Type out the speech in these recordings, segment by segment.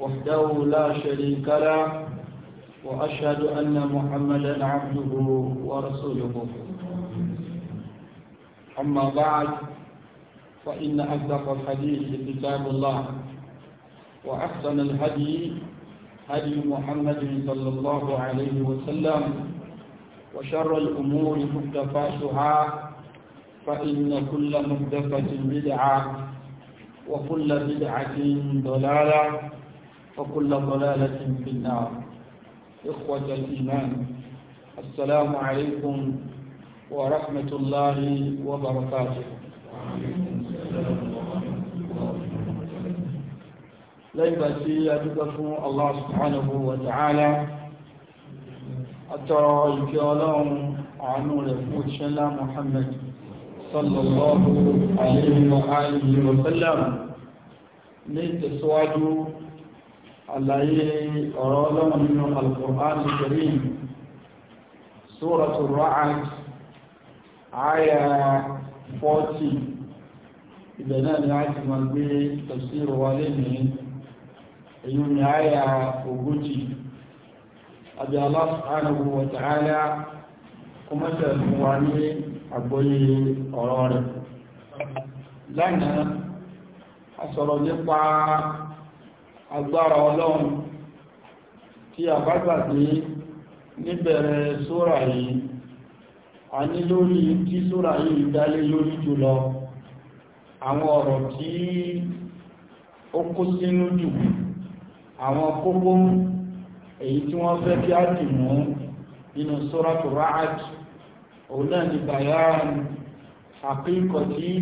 وحده لا شريك له وأشهد أن محمدا عبده ورسوله أما بعد فإن أصدق الحديث كتاب الله وأحسن الهدي هدي محمد صلى الله عليه وسلم وشر الأمور محدثاتها فإن كل محدثة بدعة وكل بدعة ضلالة وكل ضلالة في النار إخوة الإيمان السلام عليكم ورحمة الله وبركاته ليبا سي الله سبحانه وتعالى أترى الكلام عن رفوت محمد صلى الله عليه وآله وسلم ní ìtẹ̀síwájú àlàyé ọ̀rọ̀ ọlọ́run nínú Al-Qur'an Al-Karim Suratul Ra'd àyà 40 ibẹ̀ náà ni a ti máa gbé tafsir wa lẹ́nìí èyí ni àyà ogójì àbí Allah subhanahu wa ta'ala kọmọ́sẹ̀ wa ní àgbóyé ọ̀rọ̀ rẹ̀ lánàá a sọ̀rọ̀ nípa agbára ọlọ́run tí a bá gbàgbé níbẹ̀rẹ̀ sóra yìí a ní lórí tí sóra yìí dálé lórí jùlọ àwọn ọ̀rọ̀ tí ó kó sínú jù àwọn kókó èyí tí wọ́n fẹ́ kí á dì mú nínú sóra tó ráàjì òun náà ni tí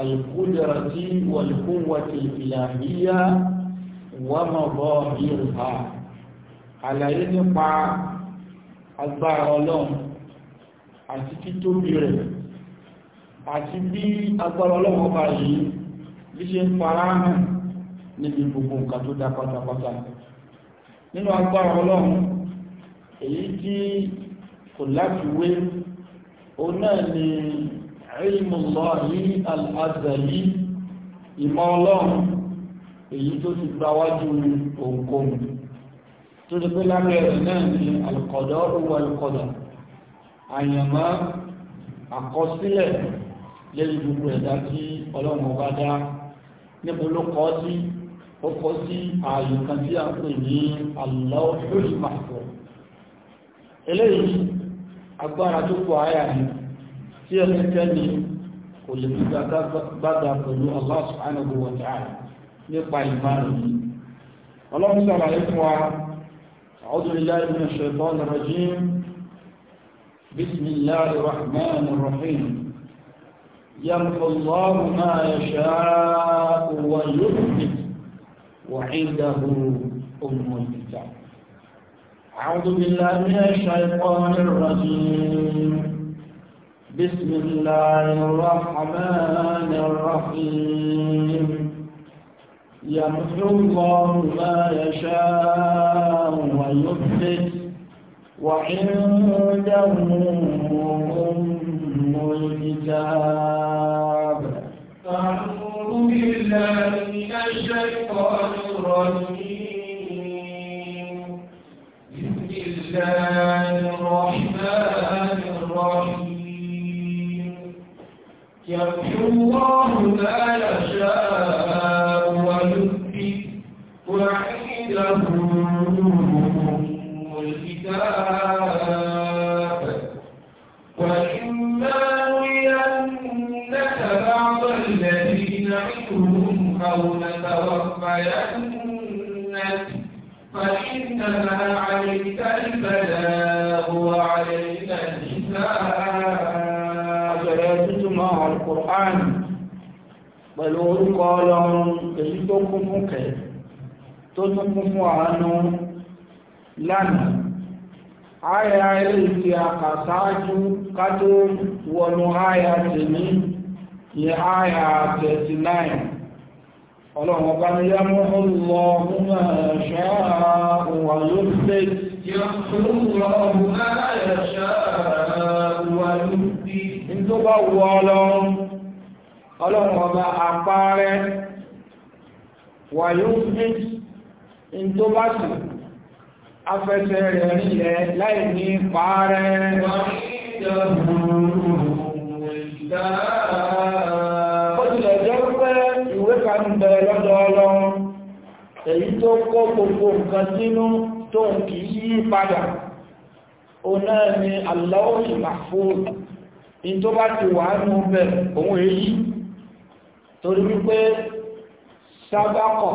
al-qudrati wal-quwwati al-ilahiyyah wọ́mọ̀bọ́ yorùbá àlàyé nípa agbára ọlọ́run àti títóbi rẹ̀ àti bí agbára ọlọ́run ọba yìí bí ṣe ń fara hàn níbi gbogbo nǹkan tó dá pátápátá nínú agbára ọlọ́run èyí tí kò láti wé o náà ni ilmullahi al-azali ìmọ̀ ọlọ́run èyí tó ti gbáwájú ohunkóhun tó ti pé lábẹ́ rẹ̀ náà ni alùkọ̀dọ̀ owó alùkọ̀dọ̀ àyànmọ́ àkọsílẹ̀ lẹ́yìn gbogbo ẹ̀dá tí ọlọ́run ọba dá níbo ló kọ́ sí ó kọ́ sí ààyè kan tí a pè ní Allahul Mahfuz eléyìí agbára tó kọ àyà ni tí ẹnikẹ́ni kò lè fi gbàgbà pẹ̀lú Allah subhanahu wa ta'ala nípa ìmánu ọlọ́run sàlàyé fún wa أعوذ بالله من الشيطان الرجيم بسم الله الرحمن الرحيم يمحو الله ما يشاء ويثبت وعنده أم الكتاب أعوذ بالله من الشيطان الرجيم بسم الله الرحمن الرحيم يمحو الله ما يشاء ويثبت وعنده أم الكتاب أعوذ بالله من الشيطان الرجيم بسم الله الرحمن الرحيم يمحو الله ما يشاء وعنده الكتاب وإما نرينك بعض الذي نعدهم أو نتوفينك فإنما عليك البلاغ وعلينا الحساب جلالتما القرآن pẹ̀lú orúkọ ọlọ́run èyí tó kún fún kẹ̀ẹ́ tó tún kún fún àánú lánàá àyà eléyìí àkàṣáájú ká tó wọnú àyà tèmi ní àyà 39 ọlọ́run ọba ní yámú ọlọ́run ṣáà ọlọ́run ọba àpá rẹ̀ wà yóò fẹ́ in tó bá sì afẹ́sẹ̀ rẹ̀ nílẹ̀ láì ní pàárẹ́ ó tilẹ̀ jẹ́ pé ìwé kan bẹ lọ́dọ̀ ọlọ́run èyí tó kó gbogbo nǹkan sínú tó ń kì yí padà o náà ni Allahul Mahfuz in tó bá ti wà nù bẹ̀ òun èyí torí wípé sábàkọ̀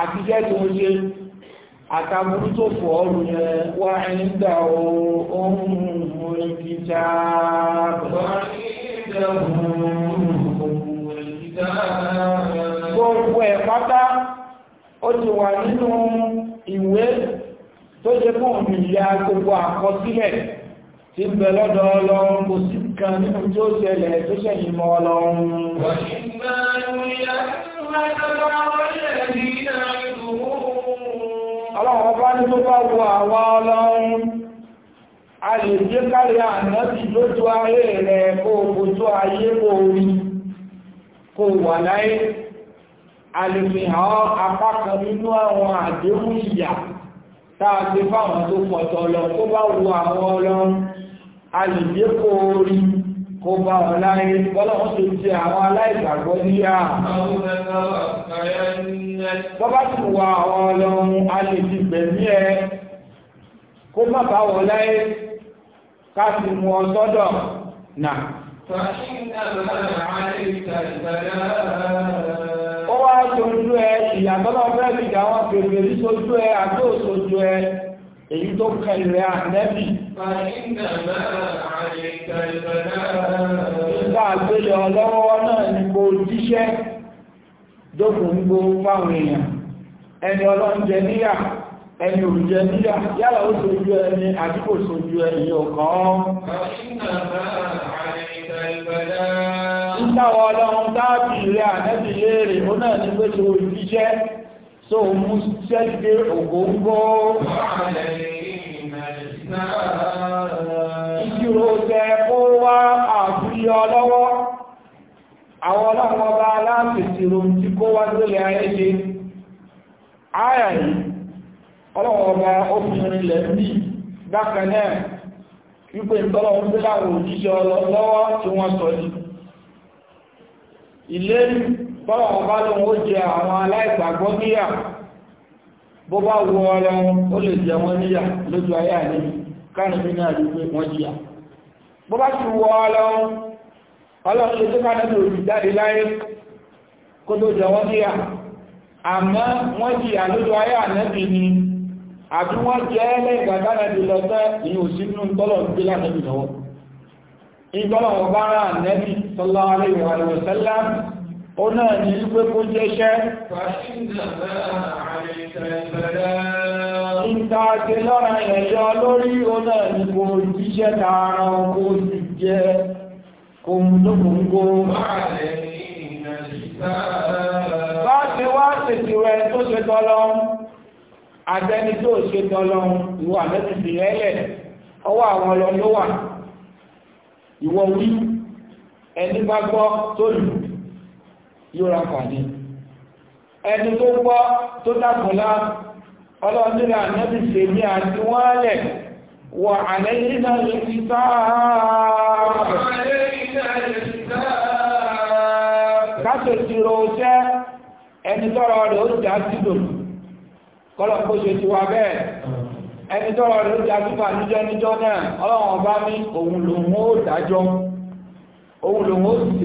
àtijẹ́ tó ń ṣe àtàbùrú tó fọ́ ọrù yẹn wá ń dà ohun orin kìíjà gbogbo ẹ̀ pátá ó ti wà nínú ìwé tó jẹ́ fún òmìnira gbogbo àkọsílẹ̀ tí ń bẹ lọ́dọ̀ ọlọ́run kò sí kan nínú tí ó ṣẹlẹ̀ tó ṣẹ̀yìn mọ́ ọlọ́run wọ́n ni ọlọ́run ọba ní tó bá wo àwa ọlọ́run a lè jẹ́ kárí ànábì lójú ayé rẹ̀ kó ojú ayé kó orí kó wà láyé a lè fi hàn apá kan nínú àwọn àdéhùn ìyà táa ti fáwọn tó pọ̀tọ̀ lọ tó bá wo àwọn ọlọ́run a lè jẹ́ kó orí kó bá wọn láyé bọ́lọ́wọ́ tó jẹ àwọn aláìgbàgbọ́ níyà. bọ́bá tó wà àwọn ọlọ́run a lè ti gbẹ̀mí ẹ kó má bá wọn láyé ká sì mú ọ sọ́dọ̀ náà. Ó wá sojú ẹ, ìyàtọ́lọ́ fẹ́ bí ìjà wọn bèbè ní sojú ẹ, àti òsojú ẹ, èyí tó kẹlẹ̀ ànẹ́bì. Ìgbà àgbélé ọlọ́wọ́ náà ni kò jíṣẹ́ dókùn ń gbó fáwọn èèyàn. Ẹni ọlọ́njẹ níyà, ẹni òrùjẹ níyà, yálà ó sojú ẹni àti kò sojú ẹni ọ̀kan. Ìgbàwọ̀ ọlọ́run dáàbì rẹ̀ ànẹ́bì léèrè, ó náà ni pé so mú ṣẹ́ ìṣirò jẹ kó wá àfúyọ lọ́wọ́ àwọn ọlọ́pọ̀ bá ohun tí kó wá lórí ayé ṣe ayà yìí ọlọ́pọ̀ bá obìnrin lẹ̀ ní bákanẹ́ wípé ìtọ́lọ́wọ́n lọ́wọ́ wọ́n sọ bó bá ọlọ́run ó lè jẹ níyà lójú ayé àníyàn káàkiri náà rí pé wọ́n jíyà bó bá ti wọ ọlọ́run ọlọ́run tó máa nínú olùjáde láyé kó tó jẹ wọ́n jíyà àmọ́ wọ́n jíyà lójú ayé ànẹ́bì ni àbí wọ́n jẹ́ lẹ́gbàdánẹ́bì ó náà ní wípé kó jẹ́ṣẹ́ ìtàṣe lọ́ra ẹ̀yọ lórí ó náà ní kò jíṣẹ́ tààrà kó sì jẹ́ kò mú lókùnkó bá ṣe wá ṣètì rẹ tó ṣe tọ́lọ àtẹni tó ṣe tọ́lọ ìwà mẹ́sìtì lẹ́lẹ̀ ọwọ́ àwọn ọlọ́ ló yóò pàdé ẹni tó gbọ́ tó dákùnlá ọlọ́dúnlá nẹ́bí ṣe ní àti wọ́n lẹ̀ wọ àlẹ́yìn náà lè fi sáà ẹni tọ́rọ rẹ̀ ó jà sídò kọ́lọ̀kọ́ ṣe ti wà bẹ́ẹ̀ ẹni tọ́rọ rẹ̀ ó jà sífà níjọ́ níjọ́ náà ọlọ́wọ̀n bá ní òun lòun ó dájọ́ òun lòun ó sì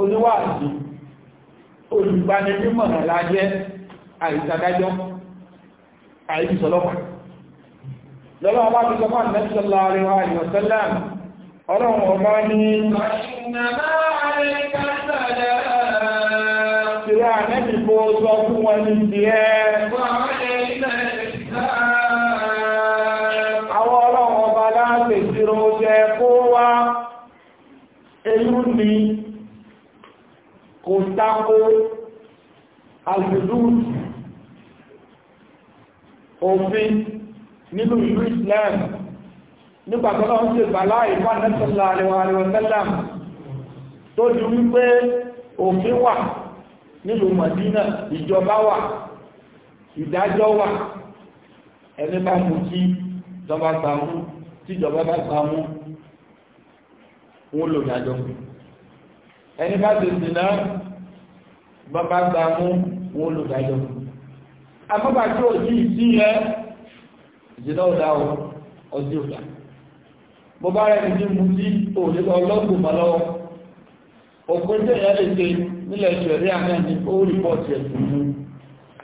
oníwàásí olùgbanimímọ̀ràn lájẹ́ àìsàdájọ́ àìsìsọlọ́pàá lọ́lọ́wọ́ bá fi sọ fún àdínẹ́sọ́lá àríwá àìyànsẹ́lá ọlọ́run ọba ní ṣílẹ̀ ànẹ́bì bó sọ fún wọn ní ti ẹ́ àwọn ọlọ́run ọba láti ìṣirò jẹ kó wá eyú ni kò tako alùdúd òfin nínú ìlú Islam nígbàtọ́lá ń ṣe bàlá ìfà nẹ́sọ̀lá àríwá tó di wípé òfin wà nínú Mọ̀dínà ìjọba wà ìdájọ́ wà ẹni bá mú kí ìjọba gbàmú tí ìjọba bá gbàmú wọn lò dájọ́ fún ẹni bá ti sì náà bàbá gbà mú wọn olùdájọ́ àbábà tí ò sí ìsí yẹ ìsìná ọ̀dá o ọdí ọ̀dá bó bá rẹ̀ ní mú sí òlébà ọlọ́gbùn mọ́ lọ́wọ́ òpin tí èyàn lè ṣe nílẹ̀ ìṣẹ̀rí àmì ní ó rìpọ́ọ̀tì ẹ̀sùn mú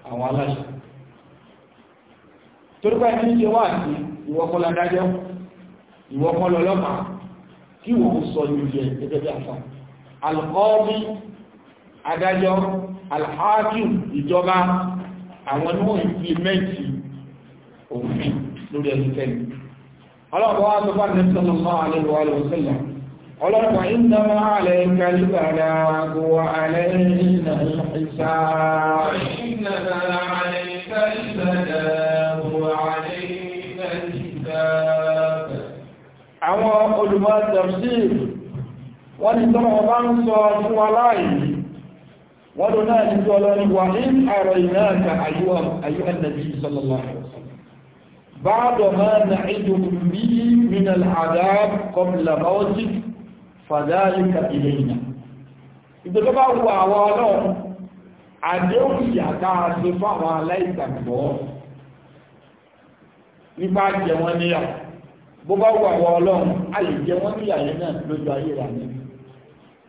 àwọn aláṣẹ torípa ẹni ṣe wà sí ìwọ́kọ́ ládájọ́ ìwọ́kọ́ lọ́lọ́pàá kí wọ́n sọ ìrìnlẹ̀ gẹ́gẹ́ bí àfáà alkọ́ọ̀bí adájọ́ alhakim ìjọba àwọn ní wọ́n ìpìlẹ̀mẹ́ntì òfin lórí ẹni tẹ́lẹ̀ ọlọ́pàá wá tó bá ní sallallahu alaihi wa sallam ọlọ́pàá iná máa lẹ́ kalibara kó wà alẹ́ ìrìnà ìsá àwọn olùmọ̀ tafsir wọ́n ni tọ́rọ ọba ń sọ fún wa láàyè wọ́n ló náà ní tọ́lọ ní wà ní àrọ̀ ìnáàkà àyíwọ̀n nàbí sọ́lọ́lá báàdọ̀ máa nà ìdùn bí min al'adab kọmla mautik fàdáyíkà ilẹ̀ ìnà nípa jẹ wọn níyà bó bá wù àwọn ọlọ́run a lè jẹ wọn níyà yẹn náà lójú ayé rà nínú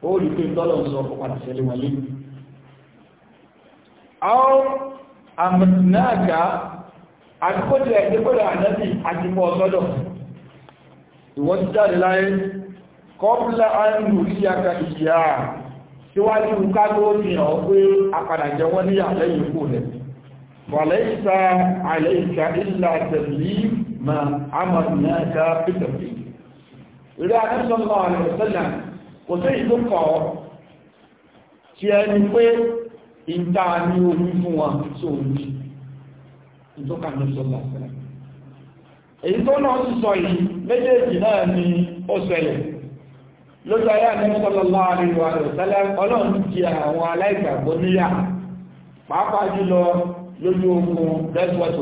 ó rí pé tọ́lọ̀ ń sọ padà ṣẹlẹ̀ wọn lé àwọn àmìnàgà àkójẹ̀ ìdíkọ́lẹ̀ ànábì àjímọ̀ ọ̀sọ́dọ̀ ìwọ́n ti jáde láyé kọ́pùlá àìrù sí aka ìyá síwájú ká tó ní ọ̀ pé apàdàjẹ wọ́n ní àlẹ́yìn kò rẹ̀ wàlẹ́ìsá àlẹ́ìsá ìlà tẹ̀lì ma àmàdìnàgà pẹ̀tẹ̀lì kò sí tí ẹni pé ìta ní orí fún wọn tó rí ìtọ́ka ní sọ́lá sẹ́lẹ̀ èyí tó náà ti sọ yìí méjèèjì náà ni ó ṣẹlẹ̀ lójú ayé àmì sọ́lọ́lá àríwá rẹ̀ sẹ́lẹ̀ ọlọ́run ti àwọn aláìgbàgbọ́ níyà pàápàá jùlọ lójú ogun lẹ́tíwọ́tò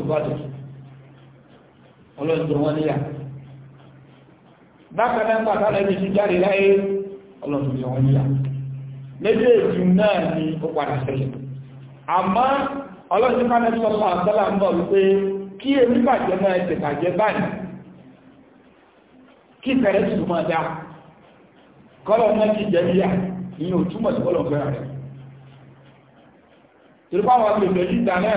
ọlọ́run wọ́n níyà bákan náà pàtàkì ọlọ́run yọ wọ́n yà méjèèjì náà ni ó padà sẹ́lẹ̀ àmọ́ ọlọ́run nípa náà sọ́lá àtọ́là ń bọ̀ wípé kí èmi bàjẹ́ náà ẹ̀sẹ̀ bàjẹ́ báyìí kí ìfẹ̀rẹ́ sì máa dá kọ́lọ̀ náà ti jẹ́ yíyà ìyẹn ò túmọ̀ sí kọ́lọ̀ fẹ́ràn rẹ̀ tìrúbá wa pèsè yíta náà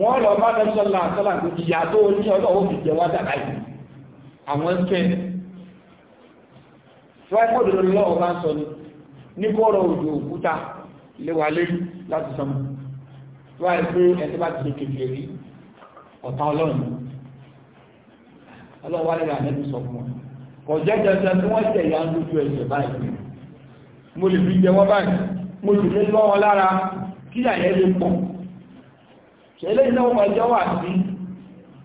wọ́n lọ bá náà sọ́lá àtọ́là pé ìyà tó ní ọlọ́run fi jẹ wá dàgbà tí wáyé pọ̀dọ̀ lórí lọ́wọ́ bá sọ ni ní kọ́rọ̀ òjò òkúta lewa lórí láti sọmọ tí wáyé pé ẹni bá ti ṣe kékeré rí ọ̀tá ọlọ́run ọlọ́run wá lẹ́yìn àmẹ́bí sọ fún wọn kò jẹ́ dandan tí wọ́n tẹ̀yà ń lójú ẹsẹ̀ báyìí mo lè fi jẹ wọ́n báyìí mo sì lè lọ́wọ́ lára kí àyẹ́ lè pọ̀ ṣẹlẹ̀ iná wọn jẹ́ wà sí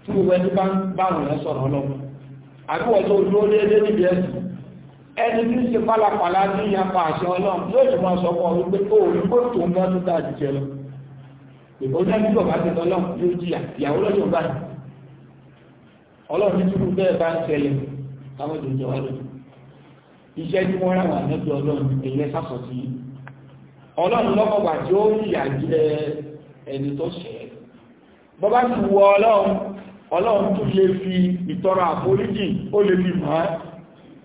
tí gbogbo ẹni bá ń bá àwọn ẹ̀ sọ̀rọ̀ ọlọ́run àbí wọ́n tó dúró déédéé níbi ẹ̀sìn ẹni tí ń ṣe pálapàla ní ìyapa àṣẹ ọlọ́run yóò sì máa sọ fún ọ wípé ó rí kó tó ń bọ́dún tá a ti jẹ lọ ìbọn náà nígbà bá ti lọ́lọ́run yóò jìyà ìyàwó lọ́jọ́ bá ní ọlọ́run nínú bẹ́ẹ̀ bá ń ṣẹlẹ̀ táwọn ìdòjọ wa lójú iṣẹ́ tí wọ́n ráwà lẹ́jọ́ ọlọ́run èyí sàkọ̀ sí ọlọ́run lọ́kọ̀gbà tí ó yà jẹ́ ẹni tó ṣẹ̀ bọ́bá ti wọ ọlọ́run ọlọ́run tún lè fi ìtọrọ àforíjì ó lè fi mọ́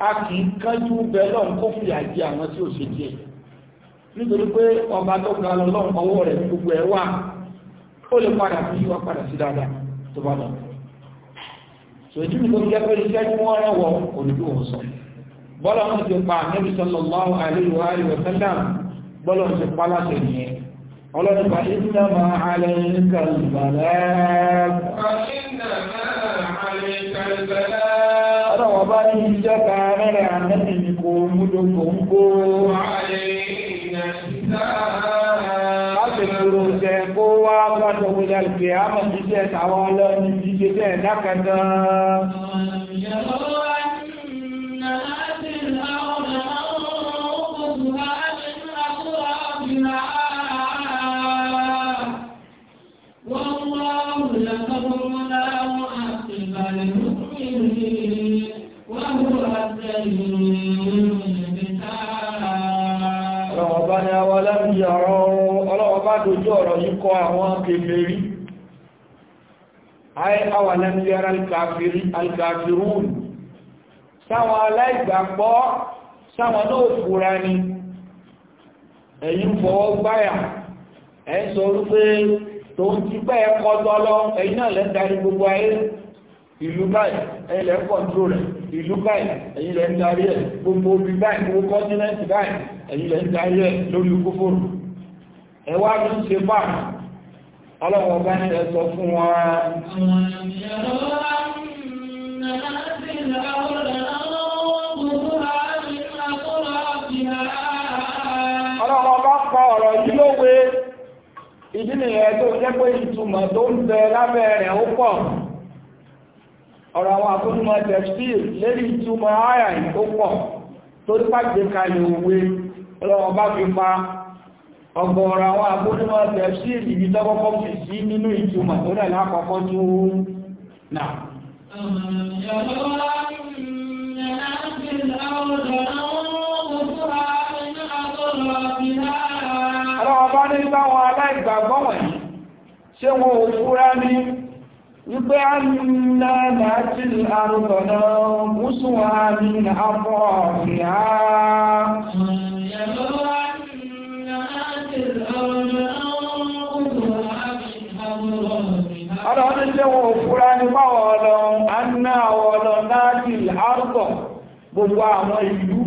a kì í kánjú bẹ lọ́n kó fi àwọn tí ó ṣe jẹ nítorí pé ọba tó ga lọ lọ́n ọwọ́ rẹ̀ gbogbo ẹ̀ wà ó lè padà sí wá padà sí dáadáa tó bá lọ pé iṣẹ́ wọ́n rán wọ òdúdú sọ bọ́lá wọn ti pa Ànábì sallallahu alaihi bọ́lá wọn ti pa láti ọlọ́run pa iná bá ní ìjọ kan rẹ̀rẹ̀ àmẹ́sì ní kò múlò kò ń kó Lásìkòrò jẹ kó wá pàtàkì òjá lè àmà jíjẹ tàwọn dojú ọ̀rọ̀ yìí kọ àwọn kèfèrí ayé awàlẹ́ ní ara alkafirun sáwọn aláìgbàgbọ́ sáwọn náà fúra ni ẹ̀yin fọwọ́ gbáyà ẹ̀ sọ wípé tó ń ti pẹ́ ẹ̀kọ́ tọ́lọ ẹ̀yin náà lẹ́ darí gbogbo ayé ìlú báyìí ẹ̀yin kọ̀ǹtró rẹ̀ ìlú báyìí ẹ̀yin lẹ́ ẹ̀ gbogbo obì báyìí gbogbo kọ́ńtínẹ́ǹtì báyìí ẹ̀yin lẹ́ ẹ̀ lórí kófòrò ẹwà ló ń ṣe bá ọlọ́wọ́ bá ń ṣe sọ fún wa. ọlọ́wọ́ bá pa ọ̀rọ̀ yìí lówe ìdí nìyẹn tó jẹ́ pé ìtumọ̀ tó ń bẹ lábẹ́ rẹ̀ ó pọ̀ ọ̀rọ̀ àwọn àkójúmọ̀ tẹ̀síìl lérí ìtumọ̀ ààyà ìkópọ̀ tó dípàgbé kalẹ̀ òwe ọlọ́wọ́ bá fi pa ọgọ́rọ̀ àwọn agbónímọ̀ tẹ̀sí ìbí tọ́kọ́kọ́ fi sí nínú ìtumọ̀ tó rẹ̀ lákọ̀ọ́kọ́ tó náà Ọlọ́wọ́ bá ní báwọn aláìgbàgbọ́ wọ̀nyí, ṣe wọn ò fúra ní wípé a nà náà tí àrùtọ̀nà mùsùn ṣe wọn ò fúra ní báwọn ọlọ́run a ń ọlọ́run láti àrùtọ̀ gbogbo àwọn ìlú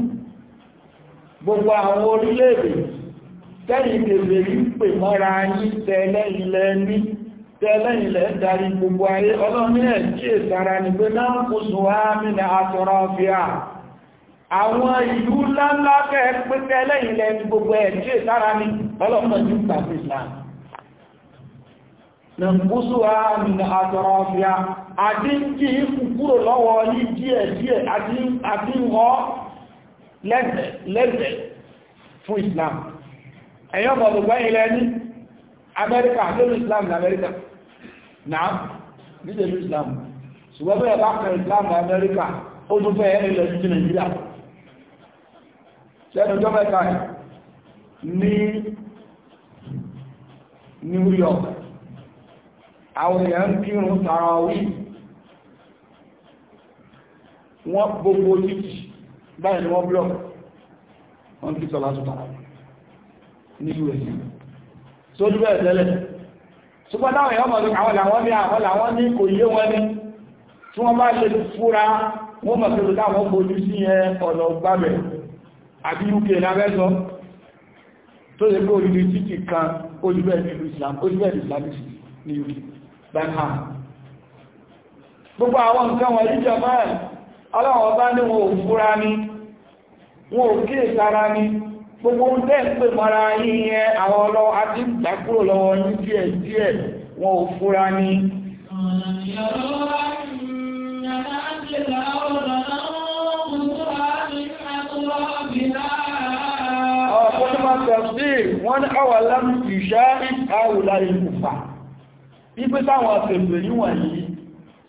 gbogbo àwọn orílẹ̀-èdè tẹ́yìn bèbè rí pè mọ́ra yí tẹ́lẹ́ilẹ̀ ní darí gbogbo ayé ọlọ́run ẹ̀ nàìkúsùwà nínú àtọ̀rọ̀fíà àti ń kí ikú lọ́wọ́ díẹ̀ díẹ̀ àti ń họ́ fún Islam ẹ̀yọ́ mọ̀lùgbọ́ ilẹ̀ ní Amẹ́ríkà lórí Islam ní Amẹ́ríkà nítorí Islam ṣùgbọ́n bẹ́ẹ̀ bá Islam ní Amẹ́ríkà ó tún fẹ́ ilẹ̀ sí Nàìjíríà lẹ́nu ọjọ́ ní New York àwọn èèyàn ń kírun tàràwí wọ́n gbogbo títì báyìí ni wọ́n blọ́ọ̀ wọ́n kí sọ́lá tó tàràwí ní us tó dúró ẹ̀ tẹ́lẹ̀ ṣùgbọ́n táwọn èèyàn mọ̀ àwọn làwọn ní àwọn làwọn ní kò yé wọn ní tí wọ́n bá ṣe fúra wọ́n mọ̀ pẹ̀lú táwọn tó lè gbé olùdí títì kan uk Benham gbogbo àwọn nǹkan wọ̀nyí jọmọ́ ẹ̀ ọlọ́wọ́ bá ní wọn ò fúra ní wọn ò kí ìsára ní gbogbo ń tẹ́ pè mọ́ra yíyẹn àwọn ọlọ́wọ́ àti ìgbàkúrò lọ́wọ́ yín díẹ̀ díẹ̀ wọn ò fúra ní ọ̀pọ̀ tó máa tẹ̀sí ìṣẹ́ àwùlá ìkùfà ipé táwọn àtẹ̀lẹ̀ níwọ̀n yìí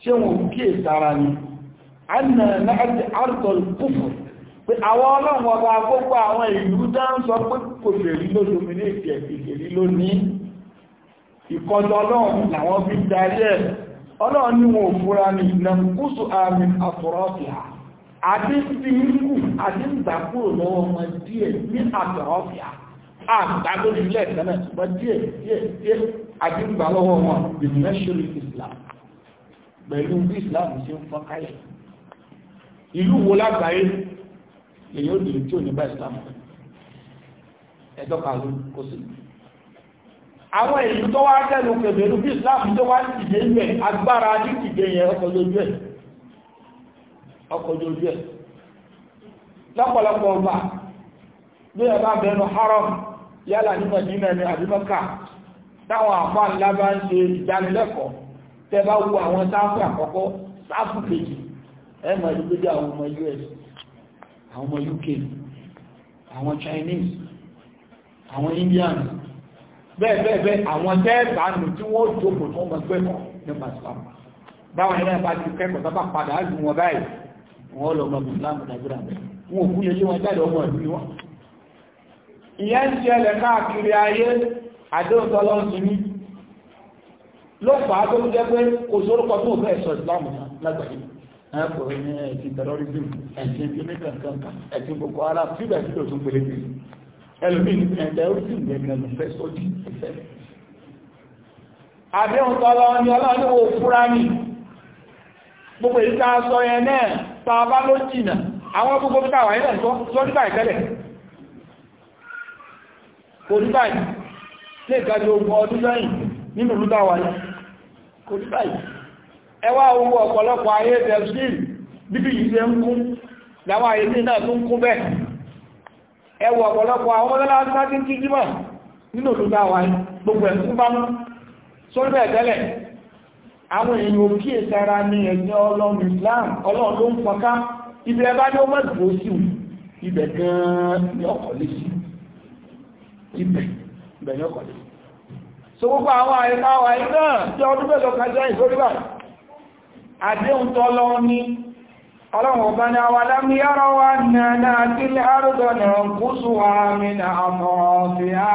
ṣe wọn kí è sára ni a nà láti artol kúfù pé àwọn ọlọ́run ọba gbogbo àwọn ìlú dá ń sọ pé kò fèrí lóṣòmìnì ìfẹ̀ ìfèrí lónìí ìkọjọ ọlọ́run làwọn fi darí ẹ̀ ọlọ́run ní wọn òfúra ní ìnàkúsù àti ti ikú àti ìdàkúrò lọ́wọ́ wọn díẹ̀ ní àtọ̀rọ̀fìà àgbàgbórílẹ̀ kanáà ṣùgbọ́n díẹ̀ díẹ̀ díẹ̀ àdúgbà lọ́wọ́ wọn ìmẹ́ṣọ́lù Islam pẹ̀lú bí Islam ṣe ń fọ́n káyẹ̀ ìlú wo lágbàáyé lèyí ó dìrì tí ò ní bá Islam ẹ̀dọ́ka ló kó sí àwọn ìlú tó wá tẹ́lu pẹ̀lú bí Islam tó wá ìdè ilẹ̀ agbára ní ìdè yẹn ọkọ̀ lójú ẹ̀ lọ́pọ̀lọpọ̀ ọgbà bí ẹ bẹnu haram yálà ní Madina ní àbí táwọn àpá ńlá bá ń ṣe ìdánilẹ́kọ̀ọ́ tẹ bá wo àwọn sáfù àkọ́kọ́ sáfù kejì ẹ mọ̀ ẹ̀dí pé àwọn ọmọ US àwọn ọmọ UK àwọn Chinese àwọn Indian bẹ́ẹ̀ bẹ́ẹ̀ bẹ́ẹ̀ àwọn tẹ́ẹ̀bà nù tí wọ́n jókòó tó mọ̀ gbẹ́kọ̀ọ́ nípa ìsìlámù báwọn ẹ̀rẹ́ bá ti kẹ́kọ̀ọ́ sábà padà lù wọn báyìí wọ́n lọ mọ̀ ìsìlámù nàìjíríà wọn ò kú lè lé wọn jáde ọmọ ìlú wọn ìyẹn ń ṣẹlẹ̀ káàkiri ayé àdéhùn tọ́lọ́ ń sinmi ló fà á tó ń jẹ́ pé kò sórúkọ tó fẹ́ sọ ìsìláàmù lágbàáyé ẹ̀ kò rí ní ẹ̀sìn terrorism ẹ̀sìn oníkankan ẹ̀sìn gbogbo ara síbẹ̀ síbẹ̀ tó ń pèlè bí ẹlòmíì ní terrorism gẹ̀gẹ̀ ló fẹ́ sọ́jú ẹ̀fẹ́ àdéhùn tọ́lọ́ ni ọlọ́run ò fúra ní gbogbo lè gbájú ogun ọdún lẹ́yìn nínú ìlú dáwà yìí kò ní báyìí ẹwà owó ọ̀pọ̀lọpọ̀ ayé tẹ̀sí bíbí yìí ṣe ń kún láwọn ayé ní náà tún kún bẹ́ẹ̀ ẹwà ọ̀pọ̀lọpọ̀ àwọn ọmọdé láti sáájú ń kíjímà nínú ìlú dáwà yìí gbogbo ẹ̀kún bá mú sórí bẹ́ẹ̀ tẹ́lẹ̀ àwọn èèyàn òkè sára ní ẹ̀yìn ọlọ́run Islam ọlọ́run ló ibẹ̀ gan-an ni ọkọ̀ lè sí ibẹ̀ bẹ̀rẹ̀ ọkọ̀dé so gbogbo àwọn àìfà wà iná tí ọdún mẹ́lọ kájá ìsóríbà àdéhùn tọ́lọ ní ọlọ́run ọba ní àwọn alámiyára wà náà tí ní àrùdọ̀ náà gúúsù wa mìnà àmọ́ ti á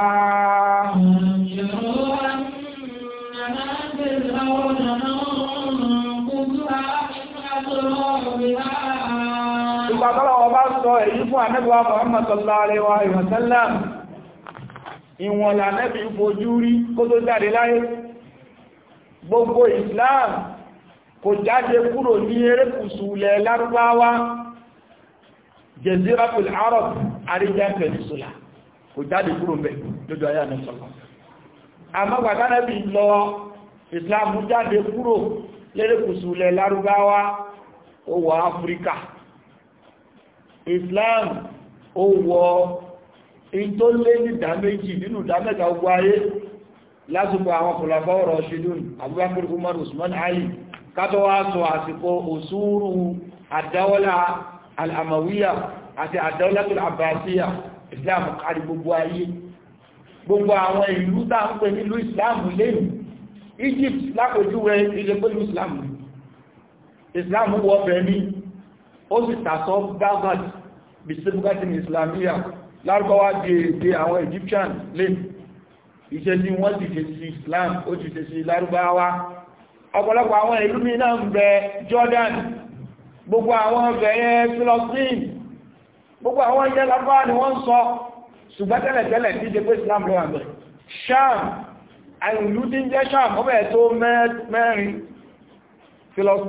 Ìgbàtọ́lọ̀ ọba sọ èyí fún àmẹ́gbà Muhammadu Allah Alaihi wa Sallam ìwọ̀n lànẹ́bí fojú rí kó tó jáde láyé gbogbo Islam kò jáde kúrò ní erékùsù ilẹ̀ lárúbáwá jeziratul arab Arabian peninsula kò jáde kúrò mẹ́ lójú ayé àmẹ́sọ̀lọ́ àmọ́gbàtánẹ́bí lọ Islam jáde kúrò lérékùsù ilẹ̀ lárúbáwá ó wọ Islam ó in tó lé ní ìdá méjì nínú ìdá mẹ́ta ogun ayé lásìkò àwọn kòlàfà ọ̀rọ̀ ṣìdún Abubakar Umar Usman Ali kátọ́ wá sọ àsìkò òsúrù àdáwọ́lá al'amawiya àti àdáwọ́lá tó àbáṣíyà Islam kárí gbogbo ayé gbogbo àwọn ìlú tá ń pè nílùú Islam Islamiyya lárúbáwá di èdè àwọn Egyptian lè iṣẹ́ tí wọ́n ti Islam ó ti ṣe sí lárúbáwá ọ̀pọ̀lọpọ̀ àwọn ìlú mi náà ń bẹ Jordan gbogbo àwọn ọ̀bẹ̀yẹ Philistine gbogbo àwọn lárúbáwá ni wọ́n sọ tí Islam lọ wà Sham àìlú tí ń jẹ́ Sham ó tó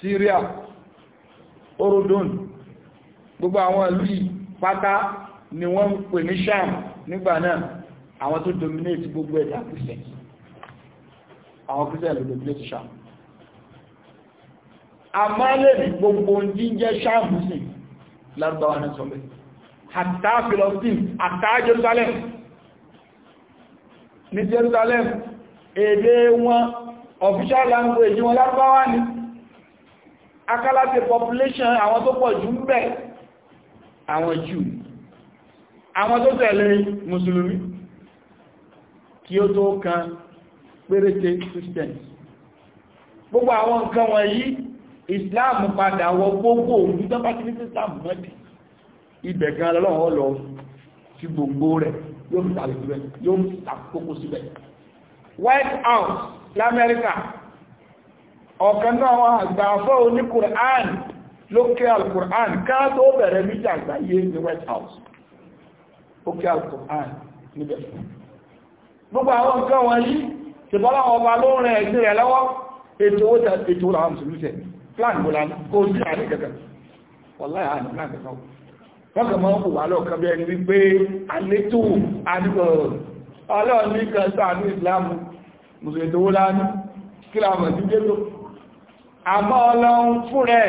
Syria Orodon gbogbo àwọn ìlú pátá ni wọ́n ń pè ní sham nígbà náà àwọn tó dominate gbogbo ẹ̀dá kìsẹ̀ àwọn kìsẹ̀ ló dominate sham àmọ́lẹ̀bí gbogbo jíjẹ́ sham sí lárúbáwá náà sọ́bẹ̀ àtà philistine àtà jerusalem ní jerusalem èdè wọn official language wọn lárúbáwá ni akálàtẹ̀ population àwọn tó pọ̀ jù ń bẹ̀rẹ̀ àwọn jù àwọn tó tẹ̀lé mùsùlùmí kí ó tó kan péréte christians gbogbo àwọn nǹkan wọ̀nyí islam padà wọ gbogbo òun tó bá ti ní islam mọ́dì ibẹ̀ gan lọ́wọ́ lọ sí gbogbo rẹ̀ yóò fi tàbí síbẹ̀ yóò fi tàkókò síbẹ̀ white house lamẹ́ríkà ọ̀kan náà wọn àgbà fọ́ oní kùrán ló kẹ́ alukur'an káàtó bẹ̀rẹ̀ níjà àgbáyé ní White House ó kẹ́ alukur'an níbẹ̀ gbogbo àwọn nǹkan wọ̀nyí ṣùgbọ́n àwọn ọba ló rìn ẹ̀sìn rẹ̀ lọ́wọ́ ètò owó ètò plan bó la kó sí àní kankan plan kankan wọ́n kàn máa ń wò wá lọ́ọ̀kan bí ẹni wípé àlétò àdúgbò ọlọ́run ní kan sáàánú ìsìláàmù mùsùlùmí tó wó lánàá kí làwọn mọ̀ sí àmọ́ ọlọ́run fún rẹ̀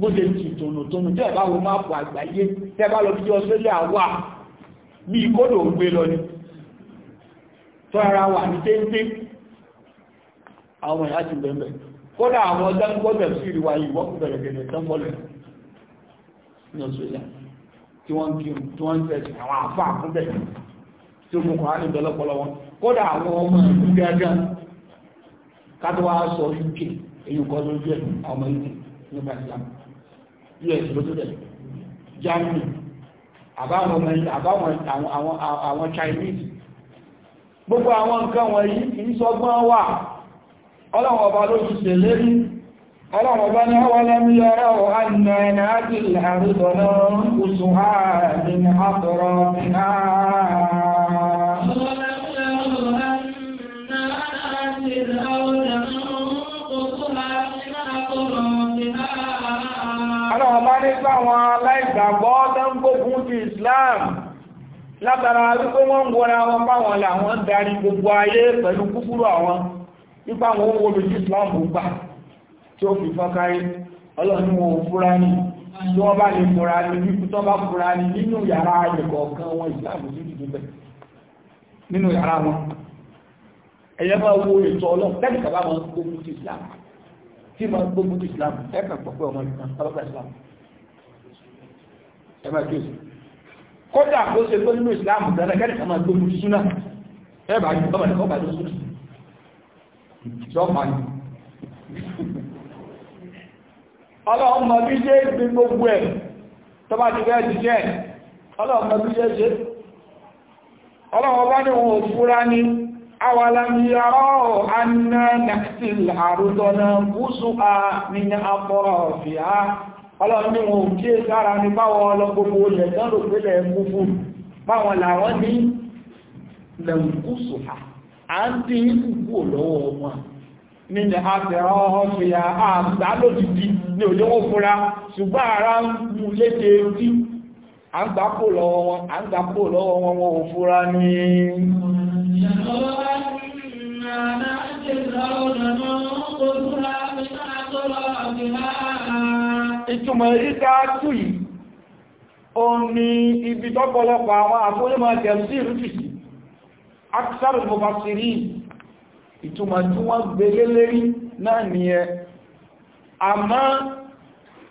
bó ṣe ti tònùtònù tẹ́ bá wo máàpù àgbáyé tẹ́ bá lọ bí Australia wà bí kódò ń gbé lọ ni tọ́ ara wà ní téńté àwọn ìyá ti bẹ̀mẹ̀ kódà àwọn ọdánigọ́dẹ̀ sí ìrìwà ìwọ́ gẹ̀rẹ̀ tánbọ́lẹ̀ ní Australia tí wọ́n kí tí wọ́n tẹ̀sí àwọn àfà tí ó mú kọ̀ á ní ìdọ́lọ́pọ̀lọ́ kódà àwọn ọmọ ìlú gẹ́gẹ́ kátó us ló germany àbáwọn ọmọ àwọn chinese gbogbo àwọn nǹkan wọ̀nyí kìí sọgbọ́n wà ọlọ́wọ̀n ọba ló ti ṣèlérí ọlọ́wọ̀n ọba ní ọwọ́lẹ́mí yọrọ ọ̀hánà ẹ̀nà àti ìlàrúdọ̀ náà oṣù ààrẹ ní àtọ̀rọ̀ náà náà bá ní sáwọn aláìgbàgbọ́ tó ń gbógun ti Islam látara wípé wọ́n ń wọra wọn báwọn làwọn darí gbogbo ayé pẹ̀lú kúkúrú àwọn nípa wọn wo lójú Islam gbà tí ó fi fọ́nkárí ọlọ́ni wọn fúra ní tí wọ́n bá lè fúra ní wípé tó bá fúra ní nínú yàrá ìkọ̀ọ̀kan wọn Islam sí ìdíbẹ̀ nínú yàrá wọn ẹ̀yẹ́ bá wo ọlọ́run ti Islam tí ma gbogbo tó islam ẹ̀ka pọ̀pẹ́ ọmọ ìkan ọlọ́pàá islam ẹ máa kéèsì kódà kó ṣe tó nínú islam dára kẹ́rì ká máa gbogbo súnà ẹ bá yìí bọ́mọ̀ lẹ́kọ́ bá tó súnà ìjọba yìí ọlọ́run mọ bí ṣe gbé gbogbo ẹ̀ tó bá ti fẹ́ jíjẹ́ ọlọ́run mọ bí ṣe ṣe ọlọ́run bá ní òun òfúra ní awala يروا أنا نأتي الأرض ننقصها من أطرافها ọlọ́run ní wọn ò kí è sára ní báwọn ọlọ́gbogbo ilẹ̀ tọ́rọ pẹ́lẹ̀ ẹ̀kú báwọn làwọn ní lẹ̀kúsù ń tí lọ́wọ́ wọn ní ilẹ̀ àfẹ́rọ ọ̀fẹ́yà àgbà lójijì ní òjòwò fúnra ṣùgbọ́n ara ń mú léde orí إنا نأتي الأرض ننقذها من أطرافها ìtumọ̀ ìríkà tù yìí o ní ibi tọ́pọ̀lọpọ̀ àwọn àfúnlẹ́mọ̀ jẹ̀msí ìrúfìsì akṣàrù mọ̀bàṣìrí ìtumọ̀ tí wọ́n gbélé lérí náà ni ẹ àmọ́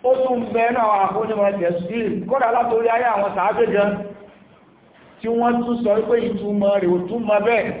ó tún bẹ̀ẹ́nà àwọn àfúnlẹ́mọ̀ jẹ̀msí kọ́dà látorí ayé àwọn sàájẹ́jẹ́ tí wọ́n tún sọ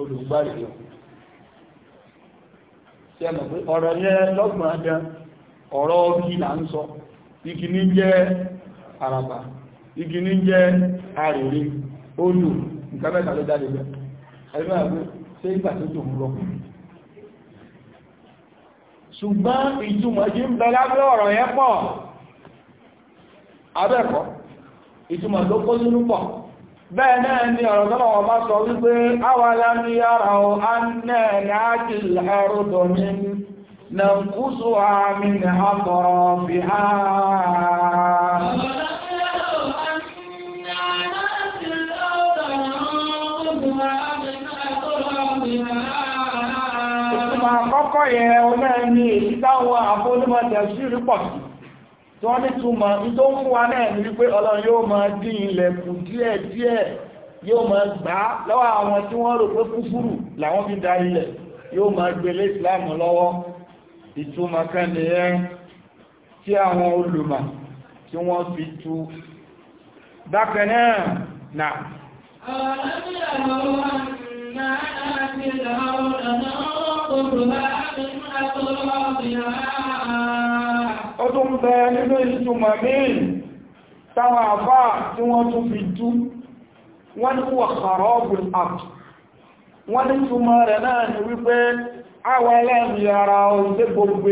olùgbàlejò tí a mọ̀ pé ọ̀rọ̀ yẹn lọ́gbọ̀n ọrụ ọ̀rọ̀ ọ́gí là ń sọ igi ní jẹ́ àràbà igi ní jẹ́ àrèrè olù nǹkan mẹ́ta ló bẹ́ ìgbà tó ń lọ ṣùgbọ́n ìtumọ̀ jí ń bẹ lábẹ́ ọ̀rọ̀ yẹn pọ̀ ìtumọ̀ ló kó sínú pọ̀ bẹ́ẹ̀ ni ọ̀rọ̀ tọ́lọ̀ ọba sọ wípé awàlá ní yára o a náà ní ákì ẹ̀rọ na kúsù àmì ní àtọ̀rọ̀ fi ha Ìtumà àkọ́kọ́ yẹ ọ̀nà ẹni èyí táwọn àfọ́lúmọ̀ tẹ̀sí rí pọ̀ ha tí wọ́n ní túnmọ̀ ní tó ń mú wa náà ní wípé ọlọ́run yóò máa dín ilẹ̀ kù díẹ̀ díẹ̀ yóò máa gbà á lọ́wọ́ àwọn tí wọ́n rò pé kúfúrù làwọn fi da ilẹ̀ yóò máa gbélé ìsìláàmù lọ́wọ́ ìtumọ̀ kan nìyẹn tí àwọn olùmọ̀ tí wọ́n fi tú bákan náà náà كانت الأرض ننقلها من أطرافها ọdún bẹ nínú ìtumọ̀ míì táwọn àfá tí wọ́n tún fi jú wọ́n ní wọ́n kàrọ̀ ọ̀gùn àp wọ́n rẹ̀ náà ni wípé àwọn ẹlẹ́mì ara gbogbo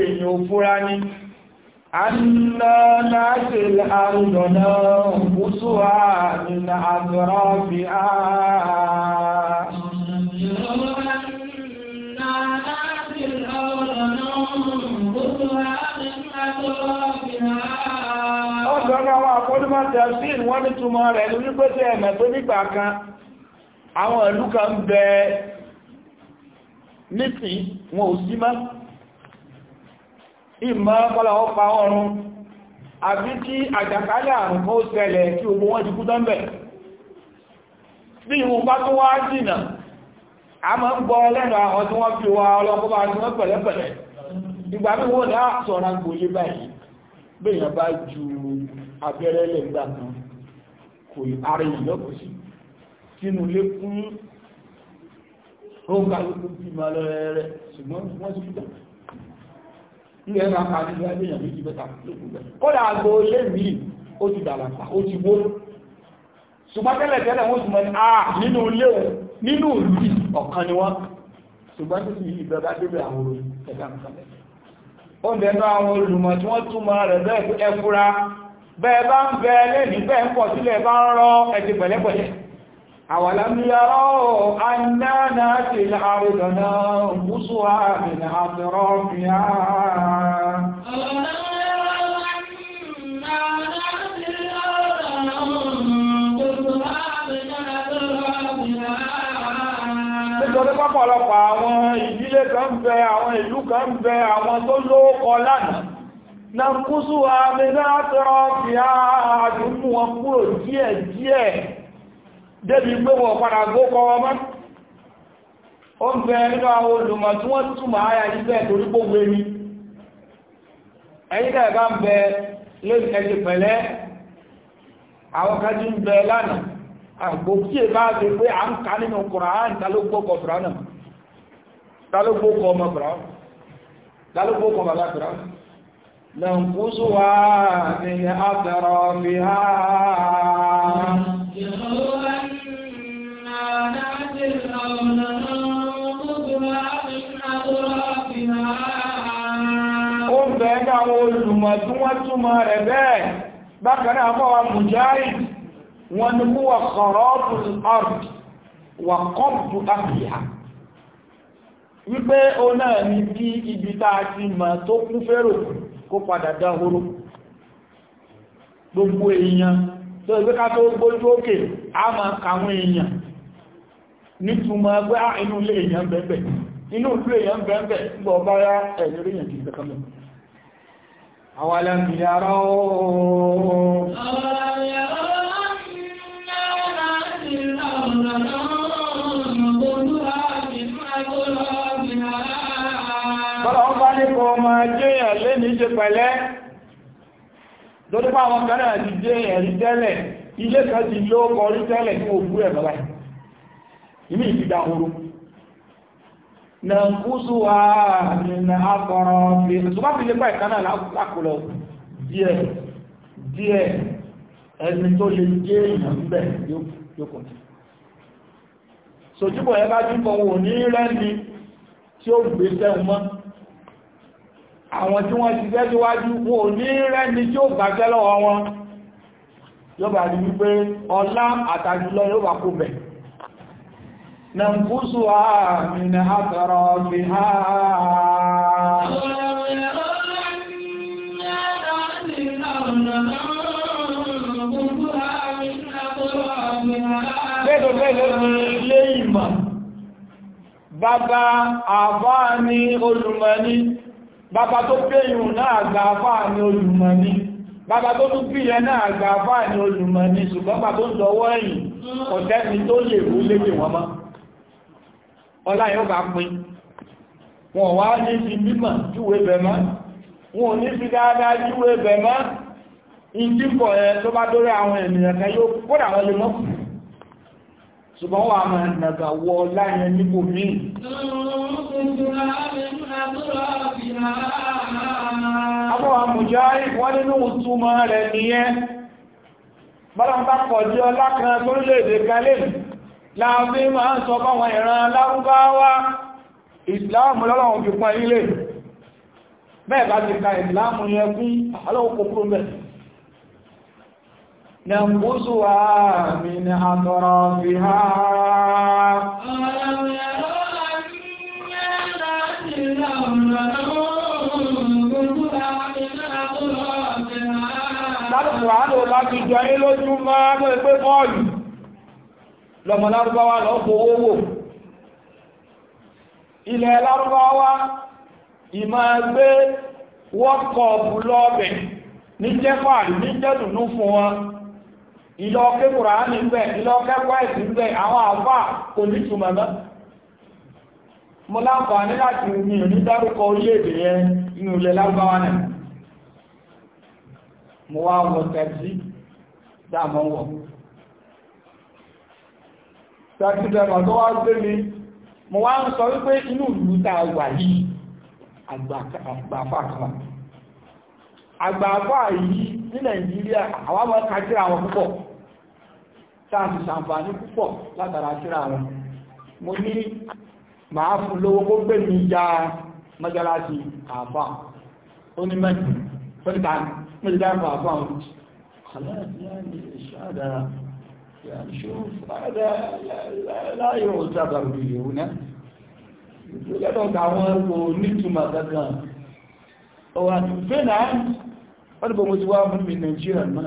èèyàn ní Ọ̀sán àwọn àkọ́lùmọ̀ tẹ̀sìn wọ́n ní túnmọ̀ rẹ̀ ní wípé tí ẹ̀mẹ̀ tó nígbà kan, àwọn ìlú kan bẹ nítì wọn ò sí mọ́. Ìmọ̀ kọ́lá ó pa ọrùn, àbí kí àjàkálẹ̀ àrùn kó ṣẹlẹ̀ kí ogun wọn ti kú tán bẹ̀. Bí ìwọ̀n bá tó wá jìnà, a máa ń gbọ́ lẹ́nu àwọn tí wọ́n fi wa ọlọ́pọ̀ bá ní wọ́n pẹ̀lẹ́pẹ̀lẹ́ ìgbà mi wọ́n dá ah, sọ̀rọ̀ gbòye báyìí bẹ́yàn bá ju abẹ́rẹ́ lẹ́gbà kan kò ara èèyàn lọ́pọ̀ sí sínú lé fún ọgbà lókún bí ma lọ́rẹ́rẹ́ ṣùgbọ́n wọ́n sí pítà ilẹ̀ ẹ̀rọ àpàdé ní abẹ́yàn méjì mẹ́ta lókún bẹ́ẹ̀ kọ́lá àgbò ilé mi ó ti dàlàpà ó ti wó ṣùgbọ́n tẹ́lẹ̀ tẹ́lẹ̀ wọ́n sì mọ́ ní à ah, nínú òbí ọ̀kan ni wọ́n ṣùgbọ́n tí ìyí ìbẹ̀bá débẹ̀ àwọn olùrùn ẹ̀dá mẹ́sàlẹ̀ ó ń bẹ̀ẹ̀bá àwọn olùmọ̀ tí wọ́n túnmọ̀ rẹ̀ bẹ́ẹ̀ ẹkúra bẹ́ẹ̀ bá ń bẹ lẹ́ni bẹ́ẹ̀ ń pọ̀ sílẹ̀ bá ń rọ ẹ̀dì pẹ̀lẹ́pẹ̀lẹ́ àwàlámíyàrá ọ̀pọ̀lọpọ̀ àwọn ìdílé kan bẹ àwọn ìlú kan bẹ àwọn tó lóókọ lánàá na kúsù àmìnátọ́ fi àádùnmù wọn kúrò díẹ̀ díẹ̀ débi pé wọ́n padà gókọ wọn mọ́ ó ń bẹ nínú àwọn olùmọ̀ tí wọ́n túnmọ̀ àyà níbẹ̀ torí gbogbo ẹni ẹ̀yìn náà bá ń bẹ lórí ẹ̀sẹ̀ pẹ̀lẹ́ àwọn kan ti ń bẹ lánàá àgbòkí èbá ti pé à ń ka nínú Kùránì ta ló gbọ́kọ̀ Kùránì náà tálógbó kọ ọmọ fìràún tálógbó kọ bàbá fìràún lẹ́nkúsù wà ní àtẹ̀rọ̀ fi hà ó ń bẹ̀ẹ́ ní àwọn olùmọ̀ tí wọ́n túnmọ̀ rẹ̀ bẹ́ẹ̀ bákan náà fọ́wà mùjáì wọn ni kú wà kọ̀rọ̀ ọ̀pùn ọ̀rùn wà kọ́pù ápìyà wípé o náà ní kí ibi táa ti mọ̀ tó kún fẹ́rò kó padà gbogbo èèyàn tó ìgbé ká tó gbójú òkè a máa kàwọn èèyàn nítumọ̀ pé ah, inú ilé èèyàn bẹ̀ẹ̀bẹ̀ inú ilé èèyàn bẹ̀ẹ̀bẹ̀ gbọ́ bá yá àwọn bá ní kọ ọmọ jẹ́yàn lé ní ṣe pẹ̀lẹ́ lórípa àwọn kan náà ti jẹ́yàn rí tẹ́lẹ̀ ilé kan ti ló kọ rí tẹ́lẹ̀ tí ó bú ẹ̀ bàbá ìmí ìfìdá oró na kúsù wà nínú akọrọ fèrè tó bá fi lépa ìkánà lákùlọ díẹ̀ díẹ̀ ẹni tó lè jẹ́yàn bẹ̀ yóò kọ̀ sojúbọ̀ ẹ bá jùbọ̀ wò ní rẹ́ni tí ó gbé sẹ́wọ́n àwọn tí wọ́n ti tẹ́síwájú wọn ò ní rẹ́ni tí ó gbàṣẹ́ lọ́wọ́ wọn yóò bá rí wípé ọlá àtàjùlọ yóò bá kó bẹ̀ nàǹkúsù àmìnà àtàrà fi ha Bẹ́ẹ̀dọ̀bẹ́ẹ̀lẹ́ ilé ìmọ̀, bàbá àbá ní olùmọ̀ ní bàbá tó péyùn náà gàáfà ní olùmọ̀ ní bàbá tó tún pìyẹ náà gàáfà ní olùmọ̀ ní ṣùgbọ́n bàbá tó ń dọwọ́ ẹ̀yìn ọ̀tẹ́ni tó lè wú lédè wọn mọ́ ọlá yóò bá pín wọn wá ní fi mímọ̀ júwe bẹ̀ mọ́ wọn ò ní fi dáadáa júwe bẹ̀ mọ́ ìdíkọ̀ ẹ tó bá dórí àwọn ènìyàn kan yóò kódà ṣùgbọ́n wà máa nàgà wọ láyẹn níbò míì abọ́wà mùjárí wọ́n nínú túnmọ́ rẹ̀ nìyẹn bọ́lọ̀mbá kọ̀dí ọlá kan tó lè dè kalẹ̀ láàbí máa ń sọ báwọn ìran lárúbáwá ìsìláàmù lọ́lọ́run fi pọ̀ ilé bẹ́ẹ̀ bá ti ka ìsìláàmù yẹn fún àlọ́wọ́ kòkúrò mẹ́rin ننقصها من أطرافها ألم يروا أنا Láàrùn láti jọ ayé lójú owó. Ilẹ̀ ìmọ̀ ẹgbẹ́ lọ́ọ̀bẹ̀ ní jẹ́fà ní jẹ́dùnú fún wọn ìlọ ọkẹ́ kùránì ń bẹ̀ ìlọ ọkẹ́ kwẹ́ẹ̀sì ń bẹ̀ àwọn àfà kò ní túnmọ̀ náà mo láǹfààní láti mi ò ní dárúkọ orílẹ̀-èdè yẹn inú ilẹ̀ lágbàwà náà mo wá wọ tẹ̀sí dáàmọ́ wọ̀ tẹ̀sí dẹ̀mọ̀ tó wá gbé mi mo wá ń sọ wípé inú ìlú wà yìí àgbàfà kan àgbàfà yìí ní Nàìjíríà àwọn ọmọ púpọ̀ sáàtì sàǹfàní púpọ̀ látara síra wọn mo ní máa fún lówó kó gbé mi ya mọ́jálásí àfà ó ní mẹ́jì fẹ́ta mẹ́jì dáàbò àfà wọn láyé òun sábà rí ìyẹ̀wò náà lọ́dọ̀ àwọn ẹgbò nítumà gangan ọwà fẹ́ náà wọ́n ni bọ̀ mo ti wá mú mi Nàìjíríà mọ́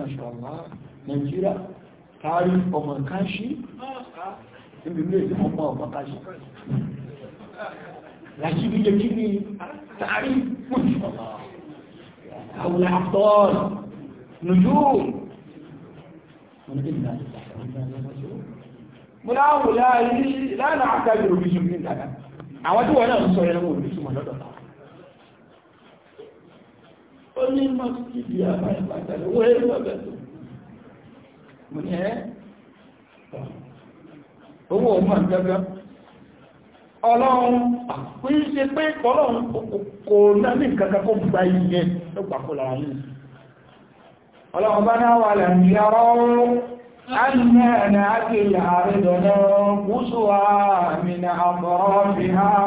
Nàìjíríà kárí ọmọ nǹkan ṣí níbi ilé ìdí ọmọ ọmọ ká ṣí láti bí lè kí ni tàrí àwọn àtọ́ọ̀lù nùjú mo láwọ̀ láàrín lánà àtàrí òbíṣù ní ìdàdà àwọn tí wọ́n náà ń sọ ẹ̀rọ òbíṣù mọ̀ lọ́dọ̀ mo ní ẹ́ owó ọmọ ìgbẹ́gbẹ́ ọlọ́run kí í ṣe pé ọlọ́run kò náà ní kankan kó gba iye ló pàkó lára ní ọlọ́run bá náà wà lẹ́yìn yàrá ọrún أننا أكل عرض ننقصها من أطرافها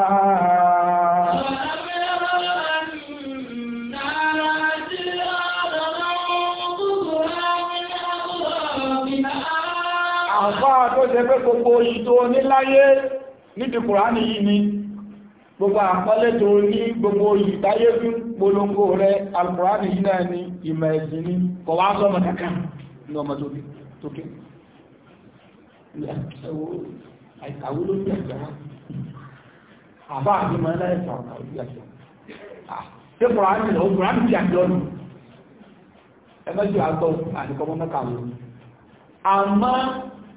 àfáà tó jẹ pé gbogbo ìtò níláyé níbi kùránì yìí ni gbogbo àpọ́lẹ̀ tó ní gbogbo ìtayé fi ń polongo rẹ alkùránì yìí náà ni ìmọ̀ ẹ̀sìn ni kọ̀ wá sọmọ kàkà ní ọmọ tó tókè àìkàwé ló ń yàgbà àbá àti mọ̀ ẹ̀lá ẹ̀sà àkàwé yàgbà ṣé kùránì lọ kùránì ti àjọ nù ẹgbẹ́ tí a gbọ́ àti kọ́mọ́ mẹ́ta lọ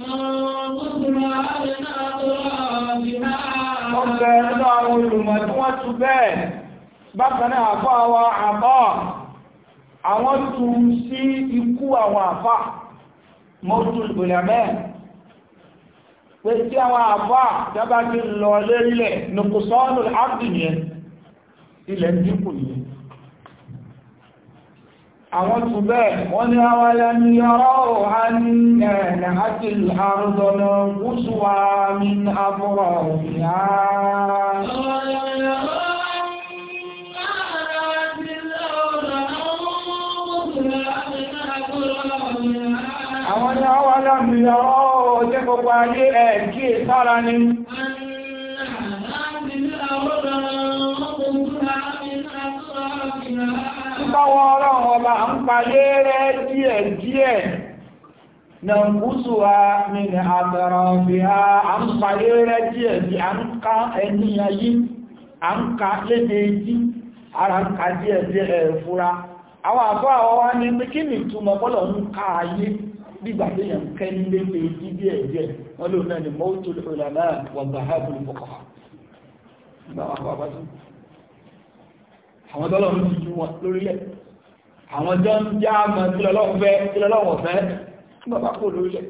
Ọ̀pẹ̀ ẹ̀nà àwọn olùmọ̀ tí wọ́n tú bẹ́ẹ̀, bákan náà àfá wa àbá, àwọn tú sí ikú àwọn àfá, mọ́tún ìgbìyànmẹ́, pé tí àwọn àfá jábá ti lọ lérílẹ̀, nùkùsọ́nù ilẹ̀ dínkù nìyẹn àwọn tún bẹ́ẹ̀ wọ́n ní awalẹ́ ní ọ̀rọ̀ àníyàn àti àrùdọ̀nà gúúsùwà mi àbúrọ̀ òmìnà àwọn ní awalẹ́ ní ọ̀rọ̀ jẹ́ gbogbo ayé ẹ̀ kí è sára ni Thank you. táwọn ọlọ́run ọba ń payé rẹ̀ díẹ̀ díẹ̀ na ń kúsù ní ní a ń payé rẹ̀ díẹ̀ bí a ń ká ẹni ayé a ń ká léde etí ara ń ká díẹ̀ díẹ̀ ẹ̀fúra àwọn àbọ́ àwọn wá ní pé kí ni bọ́lọ̀ ń ká ayé kẹ́ ní léde díẹ̀ díẹ̀ wọ́n àwọn tọ́lọ̀ ń jú wọn lórílẹ̀ àwọn jọ ń já mọ̀ sílọ́lọ́fẹ́ sílọ́lọ́wọ̀fẹ́ bàbá kò lórílẹ̀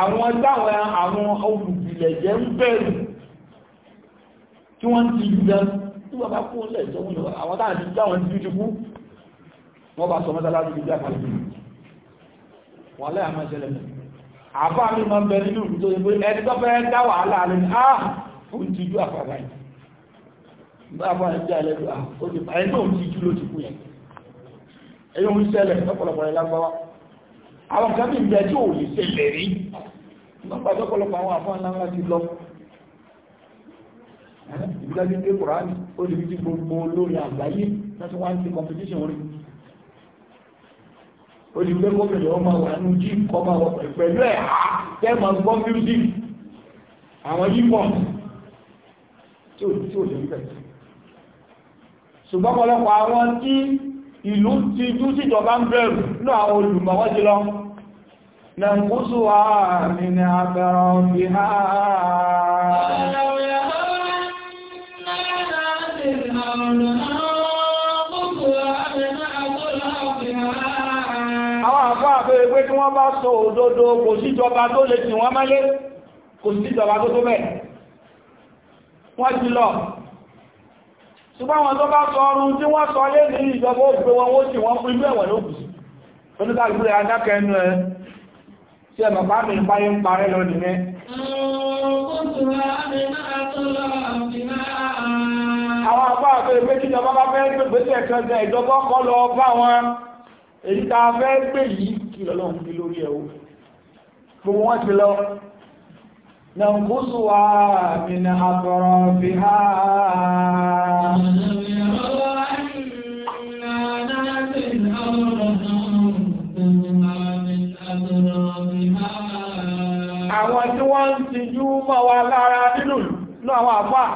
àwọn táwọn àwọn olùgbìlẹ̀ jẹ́ ń bẹ̀rù tí wọ́n ti dán tí bàbá kò lẹ̀ jọun àwọn táwọn ti já wọn jú jùkú wọ́n bá sọ mọ́tà láti gbígbà kàlù wọ́n lẹ́ àmọ́ ìṣẹ̀lẹ̀ àbá mi máa ń bẹ nínú ìlú tó yẹ pé ẹni tó fẹ́ dá wàhálà ah ó ti jú àfàgbà bàbá ẹgbẹ́ alẹ́dù àkójì ẹ̀nà òjì jù ló ti kú yẹn ẹ̀yọ́ ń ṣẹlẹ̀ lọ́pọ̀lọpọ̀ ẹ̀ lágbáwá àwọn kan bí ìgbẹ́ tí ò lè ṣẹlẹ̀ rí nígbà lọ́pọ̀lọpọ̀ àwọn àfọ́n ńláńlá ti lọ ìgbẹ́jú pé kùránì ó lè fi gbogbo olórí àgbáyé láti wá ń ti competition rí ó lè gbé gómìnà ọmọ wà nù jí kọ́ máa wọ pẹ̀lú ẹ̀ tẹ́ máa gbọ́ music àwọn yíkọ̀ tí ò lè ń ṣùgbọ́n pọ̀lọpọ̀ àwọn tí ìlú ti jú síjọba ń bẹ̀rù ní àwọn olùmọ̀wọ́ ti lọ na ń kúsù wà ní ní àbẹ̀rọ bí ha àwọn àfá àfẹ́ pé kí wọ́n bá sọ òdodo kò síjọba tó lè tì wọ́n mẹ́lé kò síjọba tó tó bẹ̀ wọ́n ti lọ ṣùgbọ́n wọn tó bá sọ ọrùn tí wọ́n sọ lé ní ìjọba òṣìṣẹ́ wọn ó sì wọ́n fún ilé ẹ̀wọ̀n lókù oníkàlùkù rẹ̀ adákẹ́ ẹnu ẹ tí ẹ̀mọ̀ bá mi báyé ń parẹ́ lọ nìyẹn àwọn àpá ننقصها من أطرافها àwọn tí wọ́n ti mọ́ wa lára nínú ní àwọn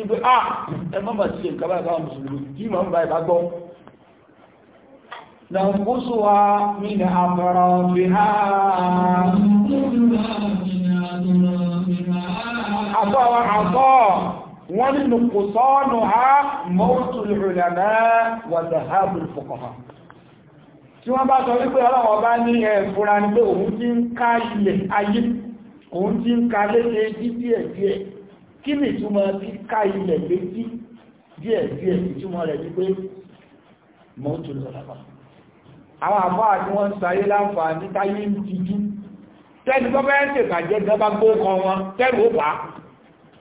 ìgbé à ẹgbọ́n bá ti ṣe mùsùlùmí ń bá ìbá gbọ́ na ń kó sówá ní ha àbọ̀ àwọn àbọ̀ wọ́n nínú kò sọ́ọ̀nù ha mọ́tún ìrìnàmá wà zahabu fuqaha tí wọ́n bá sọ wípé ọlọ́wọ́ bá ní ẹ̀fúra ní pé òun ti ń ká ilẹ̀ ayé òun ti ń ká léṣe díẹ̀ díẹ̀ kí ni ìtumọ̀ ti ká ilẹ̀ létí díẹ̀ díẹ̀ ìtumọ̀ rẹ̀ ní pé mọ́tún ìrìnàmá àwọn àfáà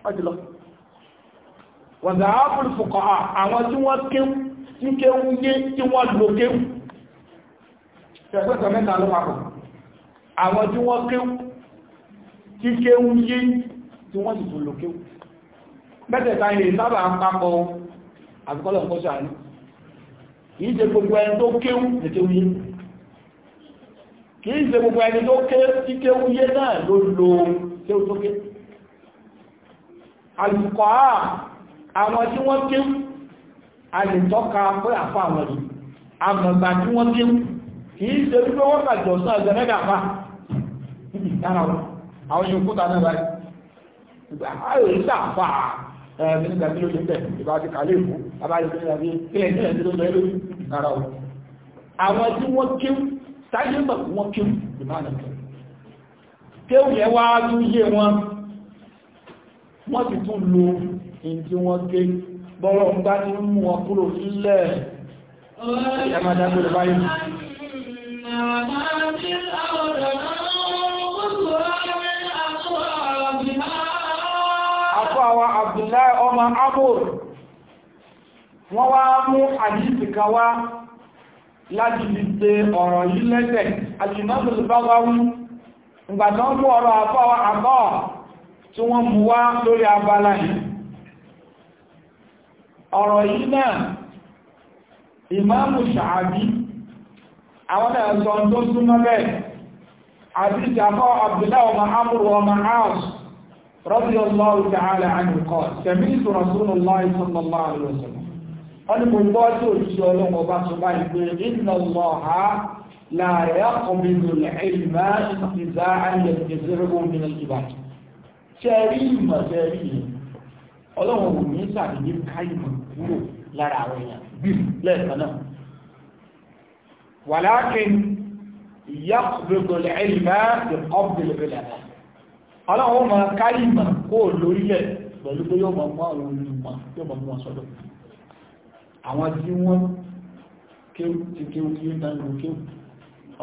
ọjọ́lọ́ wọ̀dà ápùlùfùkọ̀ àwọn tí wọ́n kéwú tí kéwú yé tí wọ́n lò kéwú tẹ̀sẹ̀sẹ̀ mẹ́ta ló papọ̀ àwọn tí wọ́n kéwú tí kéwú yé tí wọ́n sì tún lò kéwú mẹ́tẹ̀ẹ̀ta yìí sábà papọ̀ àbíkọ́lọ̀ nǹkan ṣàánú kìí ṣe gbogbo ẹni tó kéwú lè kéwú kìí ṣe gbogbo ẹni tó kéwú yé náà ló lo kéwú tó kéwú alùkọ́á àwọn tí wọ́n ké a lè tọ́ka pé àfá àwọn yìí àmọ̀gbà tí wọ́n ké kìí ṣe wípé wọ́n kà jọ sán ẹgbẹ̀ mẹ́gà fà níbi ìtara wọn àwọn ṣe òkúta náà báyìí àwọn èyí sàfà mínísà tí ó ṣe bẹ̀ ìbá ti kàlẹ́ ìfún abáyé tí ó ṣe bẹ̀ ìpínlẹ̀ tí ó wọ́n ké sáyé mọ̀ wọ́n ké ìmáà nà kéwù wá tún yé wọn wọ́n ti tún lo in tí wọ́n gé bọ́rọ̀ ń bá ní mú wọn kúrò sílẹ̀ ẹ̀mọ́dágbèrè báyìí Àfọ́ àwọn Abdullahi ọmọ Amur, wọ́n wá mú àdísì kan wá láti fi gbé ọ̀rọ̀ yìí lẹ́sẹ̀, àti ìmọ́ tí wọ́n mú wá lórí abala yìí ọ̀rọ̀ yìí náà ìmáàmù ṣàábí àwọn ẹ̀sọ́ tó súnmọ́ bẹ́ẹ̀ àti ìjàfọ́ Abdullahi ọmọ amúrù ọmọ house radiyallahu ta'ala anhu qala sami'tu Rasulullahi sallallahu alaihi wasallam wọ́n ni mo gbọ́ tí òṣìṣẹ́ ọlọ́wọ́ bá sọ ṣẹ́rí ìmọ̀ ṣẹ́rí yìí ọlọ́run ò ní sàdédé ká ìmọ̀ kúrò lára àwọn èèyàn bí lẹ́ẹ̀kan náà wàlákin ìyàkùnbẹ̀gbọ̀lẹ̀ ẹ̀lìmá ìkọ́bẹ̀lẹ̀bẹ̀lẹ̀ ọlọ́run ma ká ìmọ̀ kó lórílẹ̀ pẹ̀lú pé yóò mọ̀ mọ́ àwọn olùmọ̀ yóò mọ̀ mọ́ sọ́dọ̀ àwọn tí wọ́n kéwù mọ̀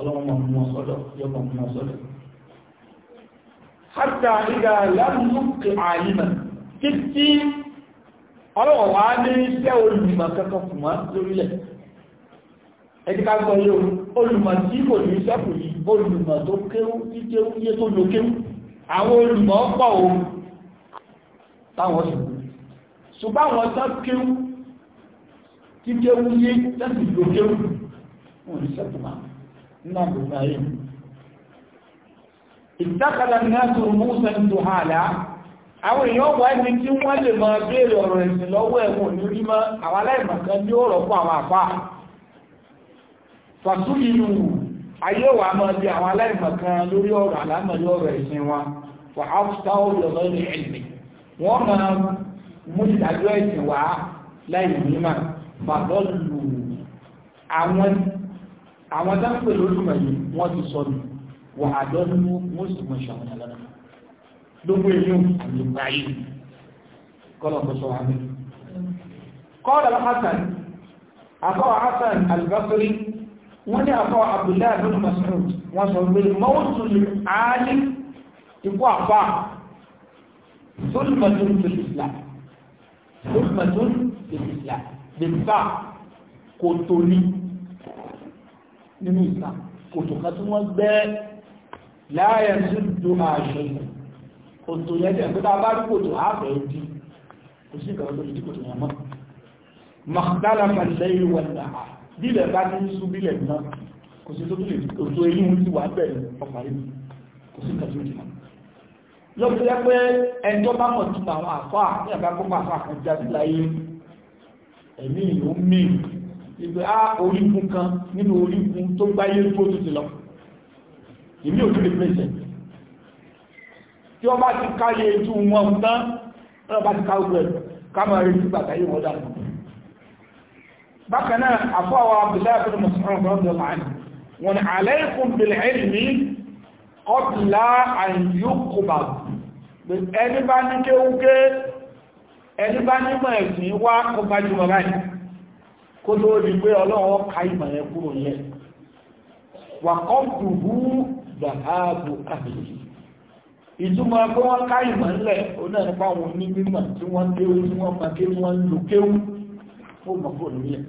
yóò mọ̀ mọ́ sọ́dọ̀ hátà ìgbà lámùsùkì àìmà títí ọlọ́wọ̀ wá ní iṣẹ́ olùmọ̀ kankan fún wá lórílẹ̀ ẹ̀díká gbọ́ yóò olùmọ̀ tí kò ní iṣẹ́ kò yí olùmọ̀ tó kéwú tí kéwú tó ló kéwú àwọn olùmọ̀ pọ̀ o táwọn ṣùgbọ́n ṣùgbọ́n àwọn tó kéwú tí ìtàkàlà náà tó mọ́sán tó hàlá àwọn èèyàn wà ní tí wọ́n lè máa béèrè ọ̀rọ̀ ẹ̀sìn lọ́wọ́ ẹ̀wọ̀n ní orí mọ́ àwọn aláìmọ̀kan ní ọ̀rọ̀ fún àwọn àpá fàtúlìlù ayé wà máa bí àwọn aláìmọ̀kan lórí ọ̀rọ̀ àlámọ̀lé ọ̀rọ̀ ẹ̀sìn wọn wà áfùtá ọ̀rọ̀ lọ́rọ̀ ẹ̀sìn wọ́n máa mú ìdájọ́ ẹ̀sìn wá láì mímọ̀ fàtọ́lù àwọn dáńpẹ̀ lórí mọ̀ yìí wọ́n ti sọnù wà á lọ́dún mọ́sùlùmọ́ ìṣàwọn ìyàlọ́nà gbogbo èyí àti ìpàyè kọ́lọ̀ kò sọ wà mí. kọ́lọ̀ hasan akọ́ hasan al-Basri wọ́n ní akọ́ abdullahi bin Mas'ud wọ́n sọ pé mọ́wùtù ààlì ikú àpá sulmatun fil Islam sulmatun fil Islam bimba kò tó nínú Islam kò tó ká tí wọ́n gbẹ́ẹ́ láàyè sùdù àṣẹ òtò lẹ́jẹ̀ tó bá bá kòtò ààbẹ̀ òdí kò sí ìkàwọ́ tó dí kòtò yàmọ́ mọ̀kànlá pàlẹ́yìn wọ̀nà bílẹ̀ bá ní sú bílẹ̀ náà kò sí tó bí òtò èyí ń ti wà bẹ̀rẹ̀ ọ̀fàrí kò sí ìkàwọ́ tó dí lọ́pọ̀ yẹ pé ẹjọ́ bá mọ̀ tún àwọn àfá ní àbákọ́kọ́ àfá kan jáde láyé ẹ̀mí ìlú mí ìgbé á ah, orígun kan nínú orígun tó gbáyé tó ti lọ ìmí ò nílé pẹ́sẹ̀ tí wọ́n bá ti káyé ojú wọn tán wọ́n bá ti ká ogun ẹ̀ kámọ̀ rẹ̀ sí bàtà yìí wọ́n dànù bákan náà àfọwọ́ abdullahi bin musulman radiyallahu anhu wọn ni alaykum bil ilmi qabla an yuqbad ẹni bá ní kéwúké ẹni bá nímọ̀ ẹ̀sìn wá dàáàbò àbìlì ìtumọ̀ pé wọ́n ká ìmọ̀ ńlẹ̀ oná nípa àwọn onímọ̀ tí wọ́n kéwú tí wọ́n máa kéwú wọ́n lò kéwú fún mọ̀kò ní ẹ̀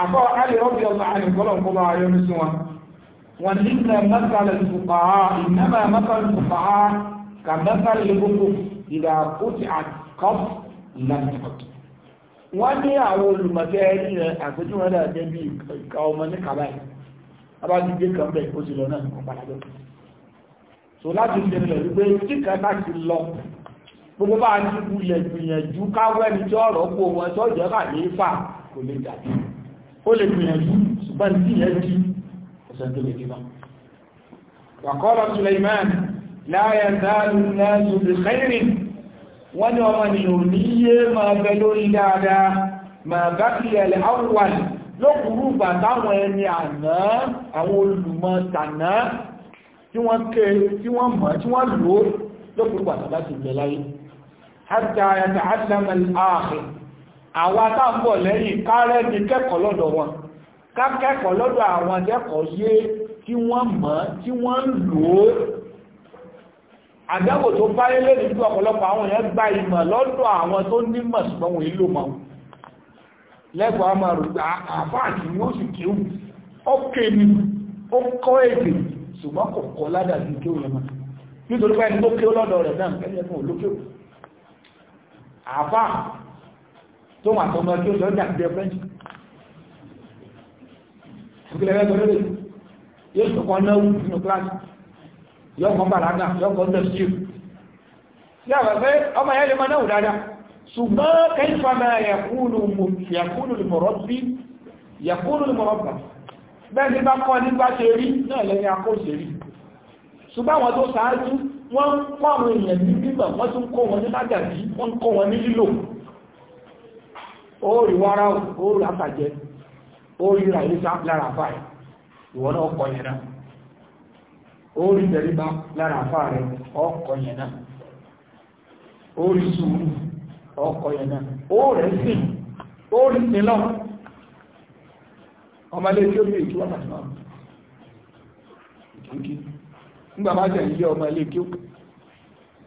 àbọ̀ alẹ́ ọ̀bí ọmọ àrìnkọ́lọ̀ kó bá ayọ́ sí wọn wọn ní ìnà mẹ́sàlẹ̀ fùfàá ìnàmà mẹ́sàlẹ̀ fùfàá ka mẹ́sàlẹ̀ gbogbo ìdá ó ti àkọ́f lẹ́mọ̀tò wọ́n ní àwọn olùmọ̀kẹ́ ẹni rẹ̀ àpéjúwọ́n jẹ́ bí ìka ọmọ ní kàbáyìí abájígbé kan bẹ̀ ó sì lọ náà nìkan padàjọ́ so láti ṣe rẹ̀ wípé tí kan láti lọ gbogbo bá ní ilẹ̀ gbìyànjú káwẹ́ ní tí ọ̀rọ̀ kó wọn tó jẹ́ bà ní fà kò lè dàbí ó lè gbìyànjú ṣùgbọ́n tí yẹn di ọ̀sẹ̀ tó lè dìbà wàkọ́lọ̀ Suleiman láyé dáàlù lẹ́sù bí kẹ́rì wọ́n ni ọmọ nìyàn ní yé máa bẹ lórí dáadáa máa bá kí ẹ̀lẹ́ lókùrú ìgbà táwọn ẹni àná àwọn olùmọ̀ tàná tí wọ́n ké tí wọ́n mọ̀ tí wọ́n lò lókùrú ìgbà tàbá ti bẹ̀ láyé hátà ẹ̀ta àtàmàlì ààrẹ àwọn atáàbọ̀ lẹ́yìn kárẹ́ ní kẹ́kọ̀ọ́ lọ́dọ̀ wọn kákẹ́kọ̀ọ́ lọ́dọ̀ àwọn akẹ́kọ̀ọ́ yé tí wọ́n mọ̀ tí wọ́n lò ó àdáwò tó báyé lẹ́nu mọ̀ lẹ́gbọ́ a máa rògbà àbáàkì yóò sì kí ó ọkẹ́ ni ó kọ́ èdè ṣùgbọ́n kò ya ládàbí kí ó yẹ máa nítorí pé tó kí ó lọ́dọ̀ rẹ̀ náà ya ẹgbẹ́ ọmọ yẹn lè náà dáadáa ṣùgbọ́n kẹfàmà yàkúnù lùmọ̀rọ̀bí yàkúnù lùmọ̀rọ̀bà bẹ́ẹ̀ ni bá kọ́ nígbà ṣe rí náà lẹ́yìn akóṣe rí ṣùgbọ́n àwọn tó sáájú wọ́n ń kọ́ àwọn èèyàn ní bíbà wọ́n tún kọ́ wọn ní lágàjí wọ́n ń kọ́ wọn orí sùúrù ọkọ̀ yẹn náà ó rẹ̀ sí ó rí sí lọ ọmọdé tí ó bí ìtú ọ̀nà náà ìtúkí nígbà má jẹ́ ilé ọmọ ilé kí ó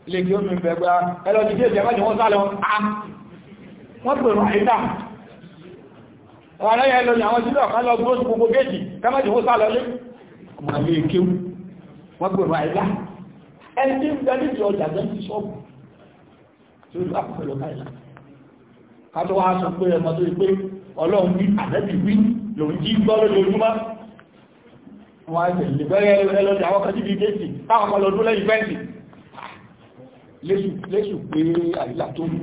ilé kí ó mi fẹ́ gba ah, ẹlọ ti dé ìjẹmọ́ ìjẹmọ́ sálọ ah, wọ́n pè rọ̀ àìdá ọ̀rẹ́ yẹn lọ ní àwọn sílẹ̀ ọ̀kan lọ gbóòsù gbogbo géèjì kẹ́mẹ́jì ó sálọ lé ọmọ kí ó wọ́n pè rọ̀ àìdá ẹni tí ń bẹ nídìí ọjà jẹ́ ti ṣọ́ọ̀bù tí ó lápò pẹ̀lú káìlá ká tó wá sọ pé ẹmọ tó pé ọlọ́run wí àdẹ́bì wí lòun jí gbọ́ lójoojúmọ́ wọ́n á tẹ̀lé bẹ́rẹ̀ ẹlọ́dẹ̀ àwọn kan jíbi gẹ́ẹ̀sì táwọn kan lọ́dún lẹ́yìn fẹ́ǹsì léṣù pé àìlà tó mú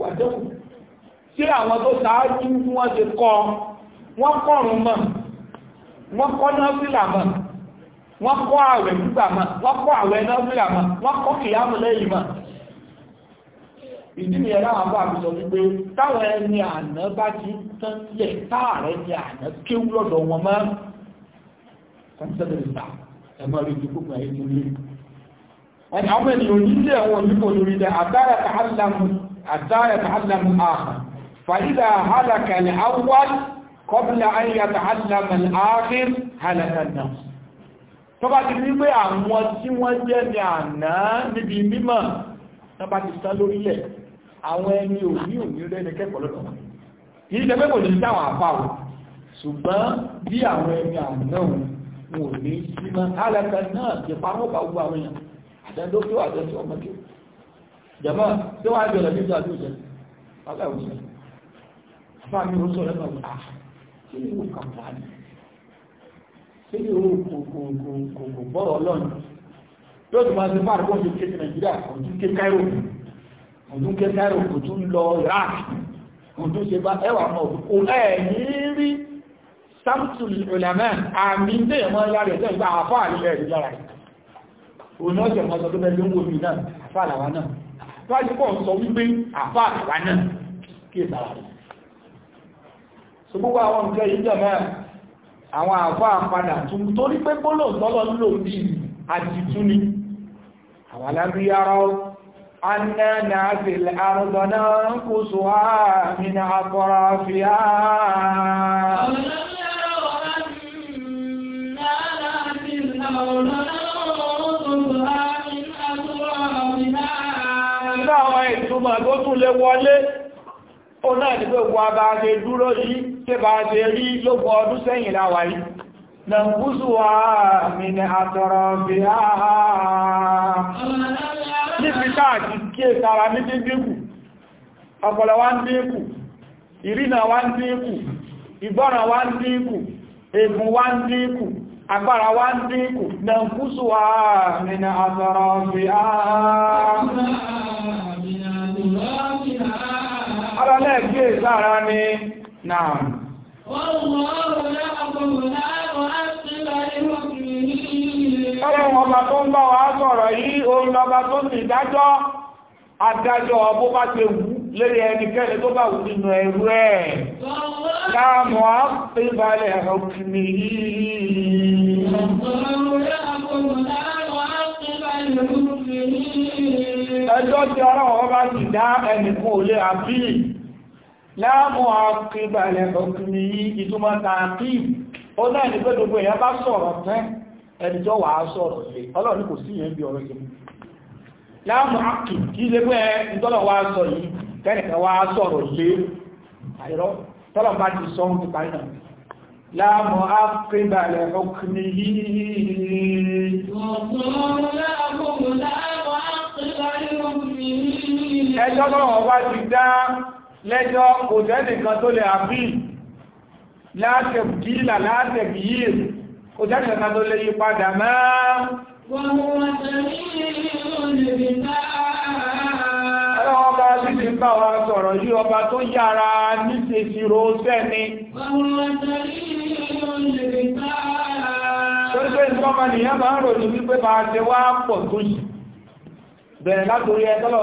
wà dẹ́kù sí àwọn tó sáájú wọ́n wọ́n kọ́ àwẹ̀ gbígbà mọ́ wọ́n kọ́ àwẹ̀ lọ́gbìlà mọ́ wọ́n kọ́ kìyàmù lẹ́yìn mọ́ ìdí ni ẹ̀rọ àwọn àbí sọ wípé táwọn ẹni àná bá ti tán sílẹ̀ táàrẹ ni àná kéwú lọ́dọ̀ wọn mọ́ kọ́ńtẹ́lẹ̀ta ẹ̀mọ́ rí ti kúkú ayé tó bá ti wípé àwọn tí wọ́n jẹ́ ní àná níbi mímọ̀ tó bá ti sá lórílẹ̀ àwọn ẹni òní òní lẹ́ni kẹ́kọ̀ọ́ lọ́tọ̀ yìí jẹ́ pé kò ní sáwọn àpá o ṣùgbọ́n bí àwọn ẹni àná wọn ò ní sí mọ́ alẹ́kẹ náà ti parọ́ bá gbogbo àwọn èèyàn àtẹ́ndókè àtẹ́sí ọmọdé jẹ́mọ́ tí wọ́n á bẹ̀rẹ̀ nígbà tó jẹ́ aláìwòsàn fáàmì ó sọ̀rọ̀ náà wọ́n á kí ni ó kà wá ní tí yóò kò bọ́rọ̀ ọlọ́run yóò tó máa ti bá àrùkọ́ òtún ké ti nàìjíríà òtún ké Cairo òtún ké Cairo òtún lọ Iraq òtún ṣe bá ẹwà mọ́ kò ẹ̀yí rí samson ìrìnàmẹ́ àmì ń dèyàn mọ́ lára ẹ̀sẹ̀ ìgbà àfá àrílẹ̀ ìrìn lára òun náà ṣe mọ́ sọ tó bẹ́ẹ̀ ló ń wo mi náà àfá àlàwà náà wájú pọ̀ sọ wípé àfá àlàwà náà kí ìsàlàrí so gbogbo àwọn nǹkan yìí jẹ́ mẹ́rin àwọn àfá àpadà tún torí pé gbólò tọ́lọ lò bí àtìtú ni àwọn alábí ara ọ anna nàáfil àrùdọ̀nà kò sọ àmìnà àkọrọ̀ fi Ìgbà àwọn ìtumọ̀ tó tún lè wọlé ó náà ní gbogbo abá ṣe dúró yìí tí bá ṣe rí lógún ọdún sẹ́yìn láwà na ń gúúsù wá mi ní àtọ̀rọ̀ bí i níbi káàkì kí è ní dínkù ọpọlọ wá ń dínkù ìrìnà wá ń dínkù wá ń dínkù wá ń dínkù agbára wá na ń ní alẹ́gbẹ́ sára ní náà ọlọ́run ọba tó ń bá wa sọ̀rọ̀ yìí òun lọba tó ní ìdájọ́ adájọ́ bó bá ṣe wù lórí ẹnikẹ́ni tó bá wù nínú ẹrú ẹ̀ láàmù ọkùnrin yìí ẹjọ́ ọlọ́run ọba ti dá ẹnìkan ò lè láàmù àkíbalẹ̀ ọkùnrin yìí ìtumọ̀ tààkìb ó náà ní pé gbogbo èèyàn bá sọ̀rọ̀ tán ẹni wà á sọ̀rọ̀ lè ọlọ́run kò sí yẹn bí ọ̀rọ̀ yìí láàmù àkì kí lè pé ìtọ́lọ̀ wá sọ yìí kẹ́nìkan wá sọ̀rọ̀ lé tọ́lọ̀ bá ti sọ ẹjọ́ náà wá ti dá lẹ́jọ́ kò tẹ́nìkan tó lè àbí látẹ̀bílà látẹ̀bíyè kò tẹ́nìkan tó lè yí padà máa Ọlọ́wọ́ bá sí ti bá wa sọ̀rọ̀ yí ọba tó yára ní ṣe sẹ́ni. Tó ṣe ìfọ́mọ nìyàn máa ń rò ní wípé tó yìí. Bẹ̀rẹ̀ látorí ẹgbẹ́lọ́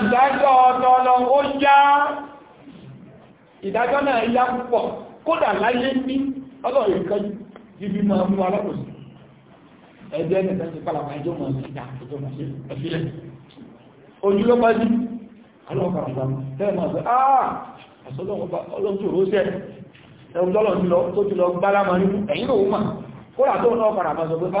ìdájọ́ ọ̀tọ̀ọ̀lọ ó yá ìdájọ́ náà yá púpọ̀ kódà láyé ní ọlọ́rin kan jíbi máa mú alákòsí ẹgbẹ́ ẹ̀nìyàn ti pàlàpà ẹjọ́ mọ̀ sí ìdá ẹjọ́ mọ̀ sí ẹ̀fílẹ̀ ojúlọ́pàájú alọ́pàá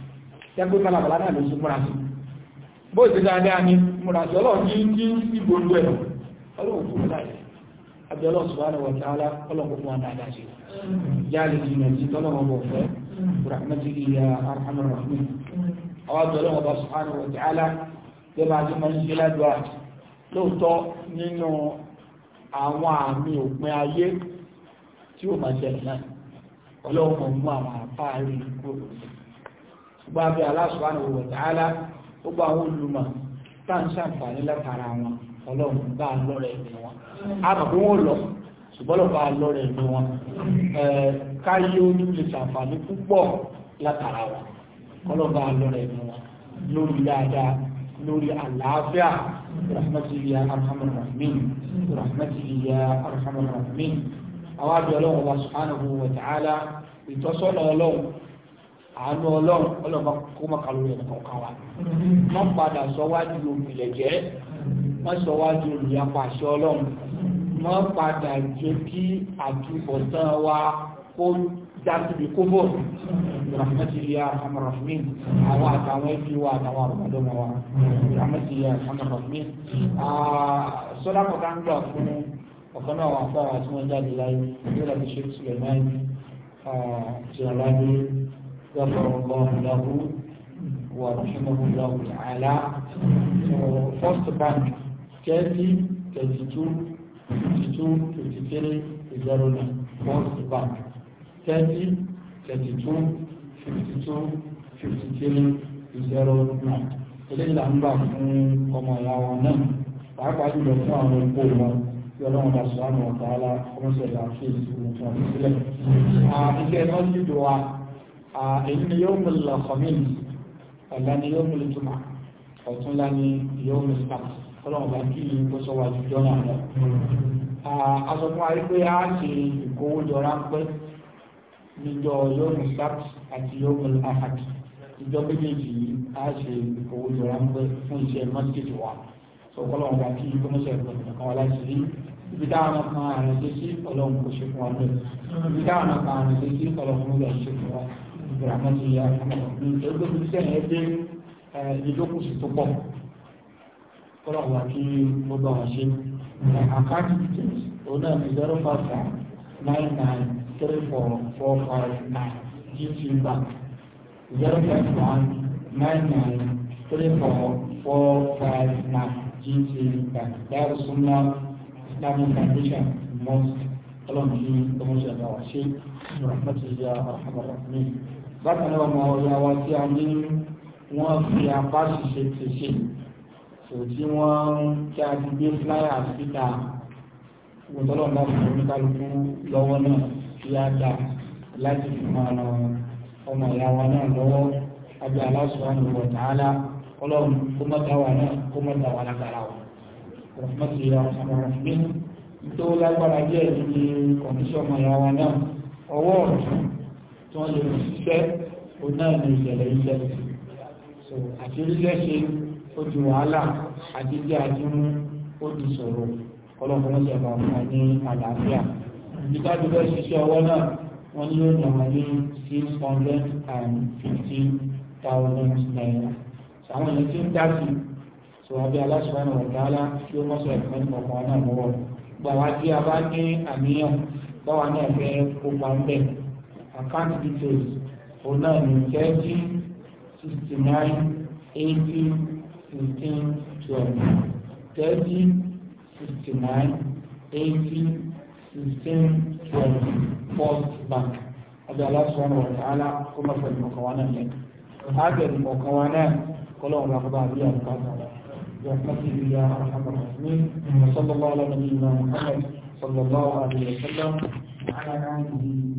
tẹ́gbẹ́ balabala náà ló sún múra sí bó ìgbé dáadáa ni múra sí ọlọ́run ní ní ìgbòlú ẹ̀ ọlọ́run fún láì àbí ọlọ́run subhanahu wa ta'ala ọlọ́run fún wa rahim àwọn àbí ọlọ́run bá subhanahu wa ta'ala lè máa ti máa ń ṣe ládùá lóòótọ́ nínú àmì òpin ayé tí ó máa ṣẹlẹ̀ náà ọlọ́run mú àwọn àpá àárín kúrò lórí bá bí Allah subhanahu wa ta'ala ó bá wọn olùmọ̀ tá à ń ṣàǹfààní látara wọn ọlọ́run bá lọ́rẹ̀ ẹ̀mí wọn a mọ̀ pé wọ́n lọ ṣùgbọ́n lọ́ bá lọ́rẹ̀ ẹ̀mí wọn káyé oní lè ṣàǹfààní púpọ̀ látara wọn ọlọ́run bá lọ́rẹ̀ ẹ̀mí lórí dáadáa lórí àlàáfíà rahmatulahi ya arhamar rahimin rahmatulahi ọlọ́run wa subhanahu wa ìtọ́sọ́nà ọlọ́run àánú ọlọ́run ọlọ́ba kó má kàlórí ẹ̀ kọ̀ọ̀kan wa má padà sọ wá di òbílẹ̀ jẹ́ má sọ wá di olùyapa àṣẹ ọlọ́run má padà jẹ́ kí àtúbọ̀tán wa kó dákìbì kó bọ̀ rahmatulahi alhamdulilayi àwọn àtàwọn ẹbí wa àtàwọn àrùbádọ́mọ wa rahmatulahi alhamdulilayi sọ́dá kọ̀ọ̀ká ń gbà fún ọ̀kan náà wà fún àwọn àti wọn jáde láyé lórí àti ṣe sílẹ̀ náà ṣe àlàyé غفر الله له ورحمه الله تعالى so first bank thirty thirty two fifty two fifty three zero nine first bank thirty thirty two fifty two fifty three zero nine eléyìí là ń gbà fún ọmọ ìyá wọn náà pàápàá jùlọ fún àwọn ẹgbẹ́ wọn tí ọlọ́run bá sọ àwọn ọ̀tá ọlá ọmọ ìṣẹ̀lẹ̀ àti èsì ìwòsàn sílẹ̀. iṣẹ́ náà yìí dùn wa èyí ni yóò mú lọ kọ̀míìlì ọ̀la ni yóò mú lọ túmọ̀ ọ̀tún lá ni yóò mú lọ ọlọ́run bá kí ni kó sọ wá ju jọ́nà lọ. aṣọ fún wa rí pé a ṣe ìkówójọ ráńpẹ́ níjọ yóò mú sábà àti yóò mú lọ àhàkì ìjọ méjèèjì a ṣe ìkówójọ ráńpẹ́ fún iṣẹ́ mọ́tíkì wa sọ̀kọ́lọ́run bá kí ni kó mọ́ṣẹ́ ìpínlẹ̀ kan wá láti àrùn tó sí ọlọ́run kò ṣe fún wa lónìí ibita àwọn kan àrùn tó sí ọlọ́run kò ṣe fún wa lónìí ìrànlọ́sí àìsàn ìjọba ìṣẹ́ yẹn dé ìdókùsì tó pọ̀ kọ́lọ̀ wà kí ó bá wà ṣe àkáàtì details òun náà ní zero five five nine nine three four four five nine GT bank zero five one nine nine three four four five nine GT bank dáhùn súnmọ́ Islamic foundation mosque ọlọ́run ní ọmọ ìṣẹ̀lẹ̀ wà ṣe ìrànlọ́sí ìyá àrùn àmọ́ràn míì bákan náà ọmọ ọ̀yà wa tí a ní wọ́n fi apá ṣiṣẹ́ ti ṣe tó tí wọ́n tí a ti gbé fúláyà síta gbọ́dọ̀ náà fún oníkálukú lọ́wọ́ náà tí a dà láti fi máa ràn ọmọ ìyá wa náà lọ́wọ́ abẹ́ aláṣọ àmì wọ̀tàálá ọlọ́run kó mọ́ta wà náà kó mọ́ta wà lágbára wọn rọ̀fúnmọ́sí ọmọ rọ̀fúnmí tó lágbára díẹ̀ ní kọ̀míṣọ́ ọmọ ìyá wa náà ọwọ́ ọ̀tún tí wọ́n lè ṣiṣẹ́ òun náà ìṣẹ̀lẹ̀ iṣẹ́ so àti oríṣẹ́ ṣe ó di wàhálà àti jẹ́ àdínú ó di sọ̀rọ̀ ọlọ́pàá ṣe bá fún ọ ní àlàáfíà nígbà tó fẹ́ ṣiṣẹ́ ọwọ́ náà wọ́n ní yóò dàgbà ní six hundred and fifty thousand naira àwọn èèyàn ti ń dá sí so àbí aláṣùwọ̀n ọ̀dàlá tí ó mọ́sọ̀ ẹ̀kọ́ ní ọ̀pọ̀ náà lọ́wọ́ gbà wá sí abá ní àníyàn báwa náà fẹ́ kópa ń bẹ̀rẹ̀ account details òun náà ní thirty sixty nine eighty fifteen twelve thirty sixty nine eighty fifteen twelve first bank ọjọ́ aláṣọ́nà wàtàálà kó má fẹ́ ìmọ̀kan wa náà lẹ́ ààbẹ̀ ìmọ̀kan wa náà kọ́lọ́wọ́n bá kọ́ bá àbúyà nǹkan sọ̀rọ̀ برحمته يا ارحم الراحمين وصلى الله على نبينا محمد صلى الله عليه وسلم وعلى اله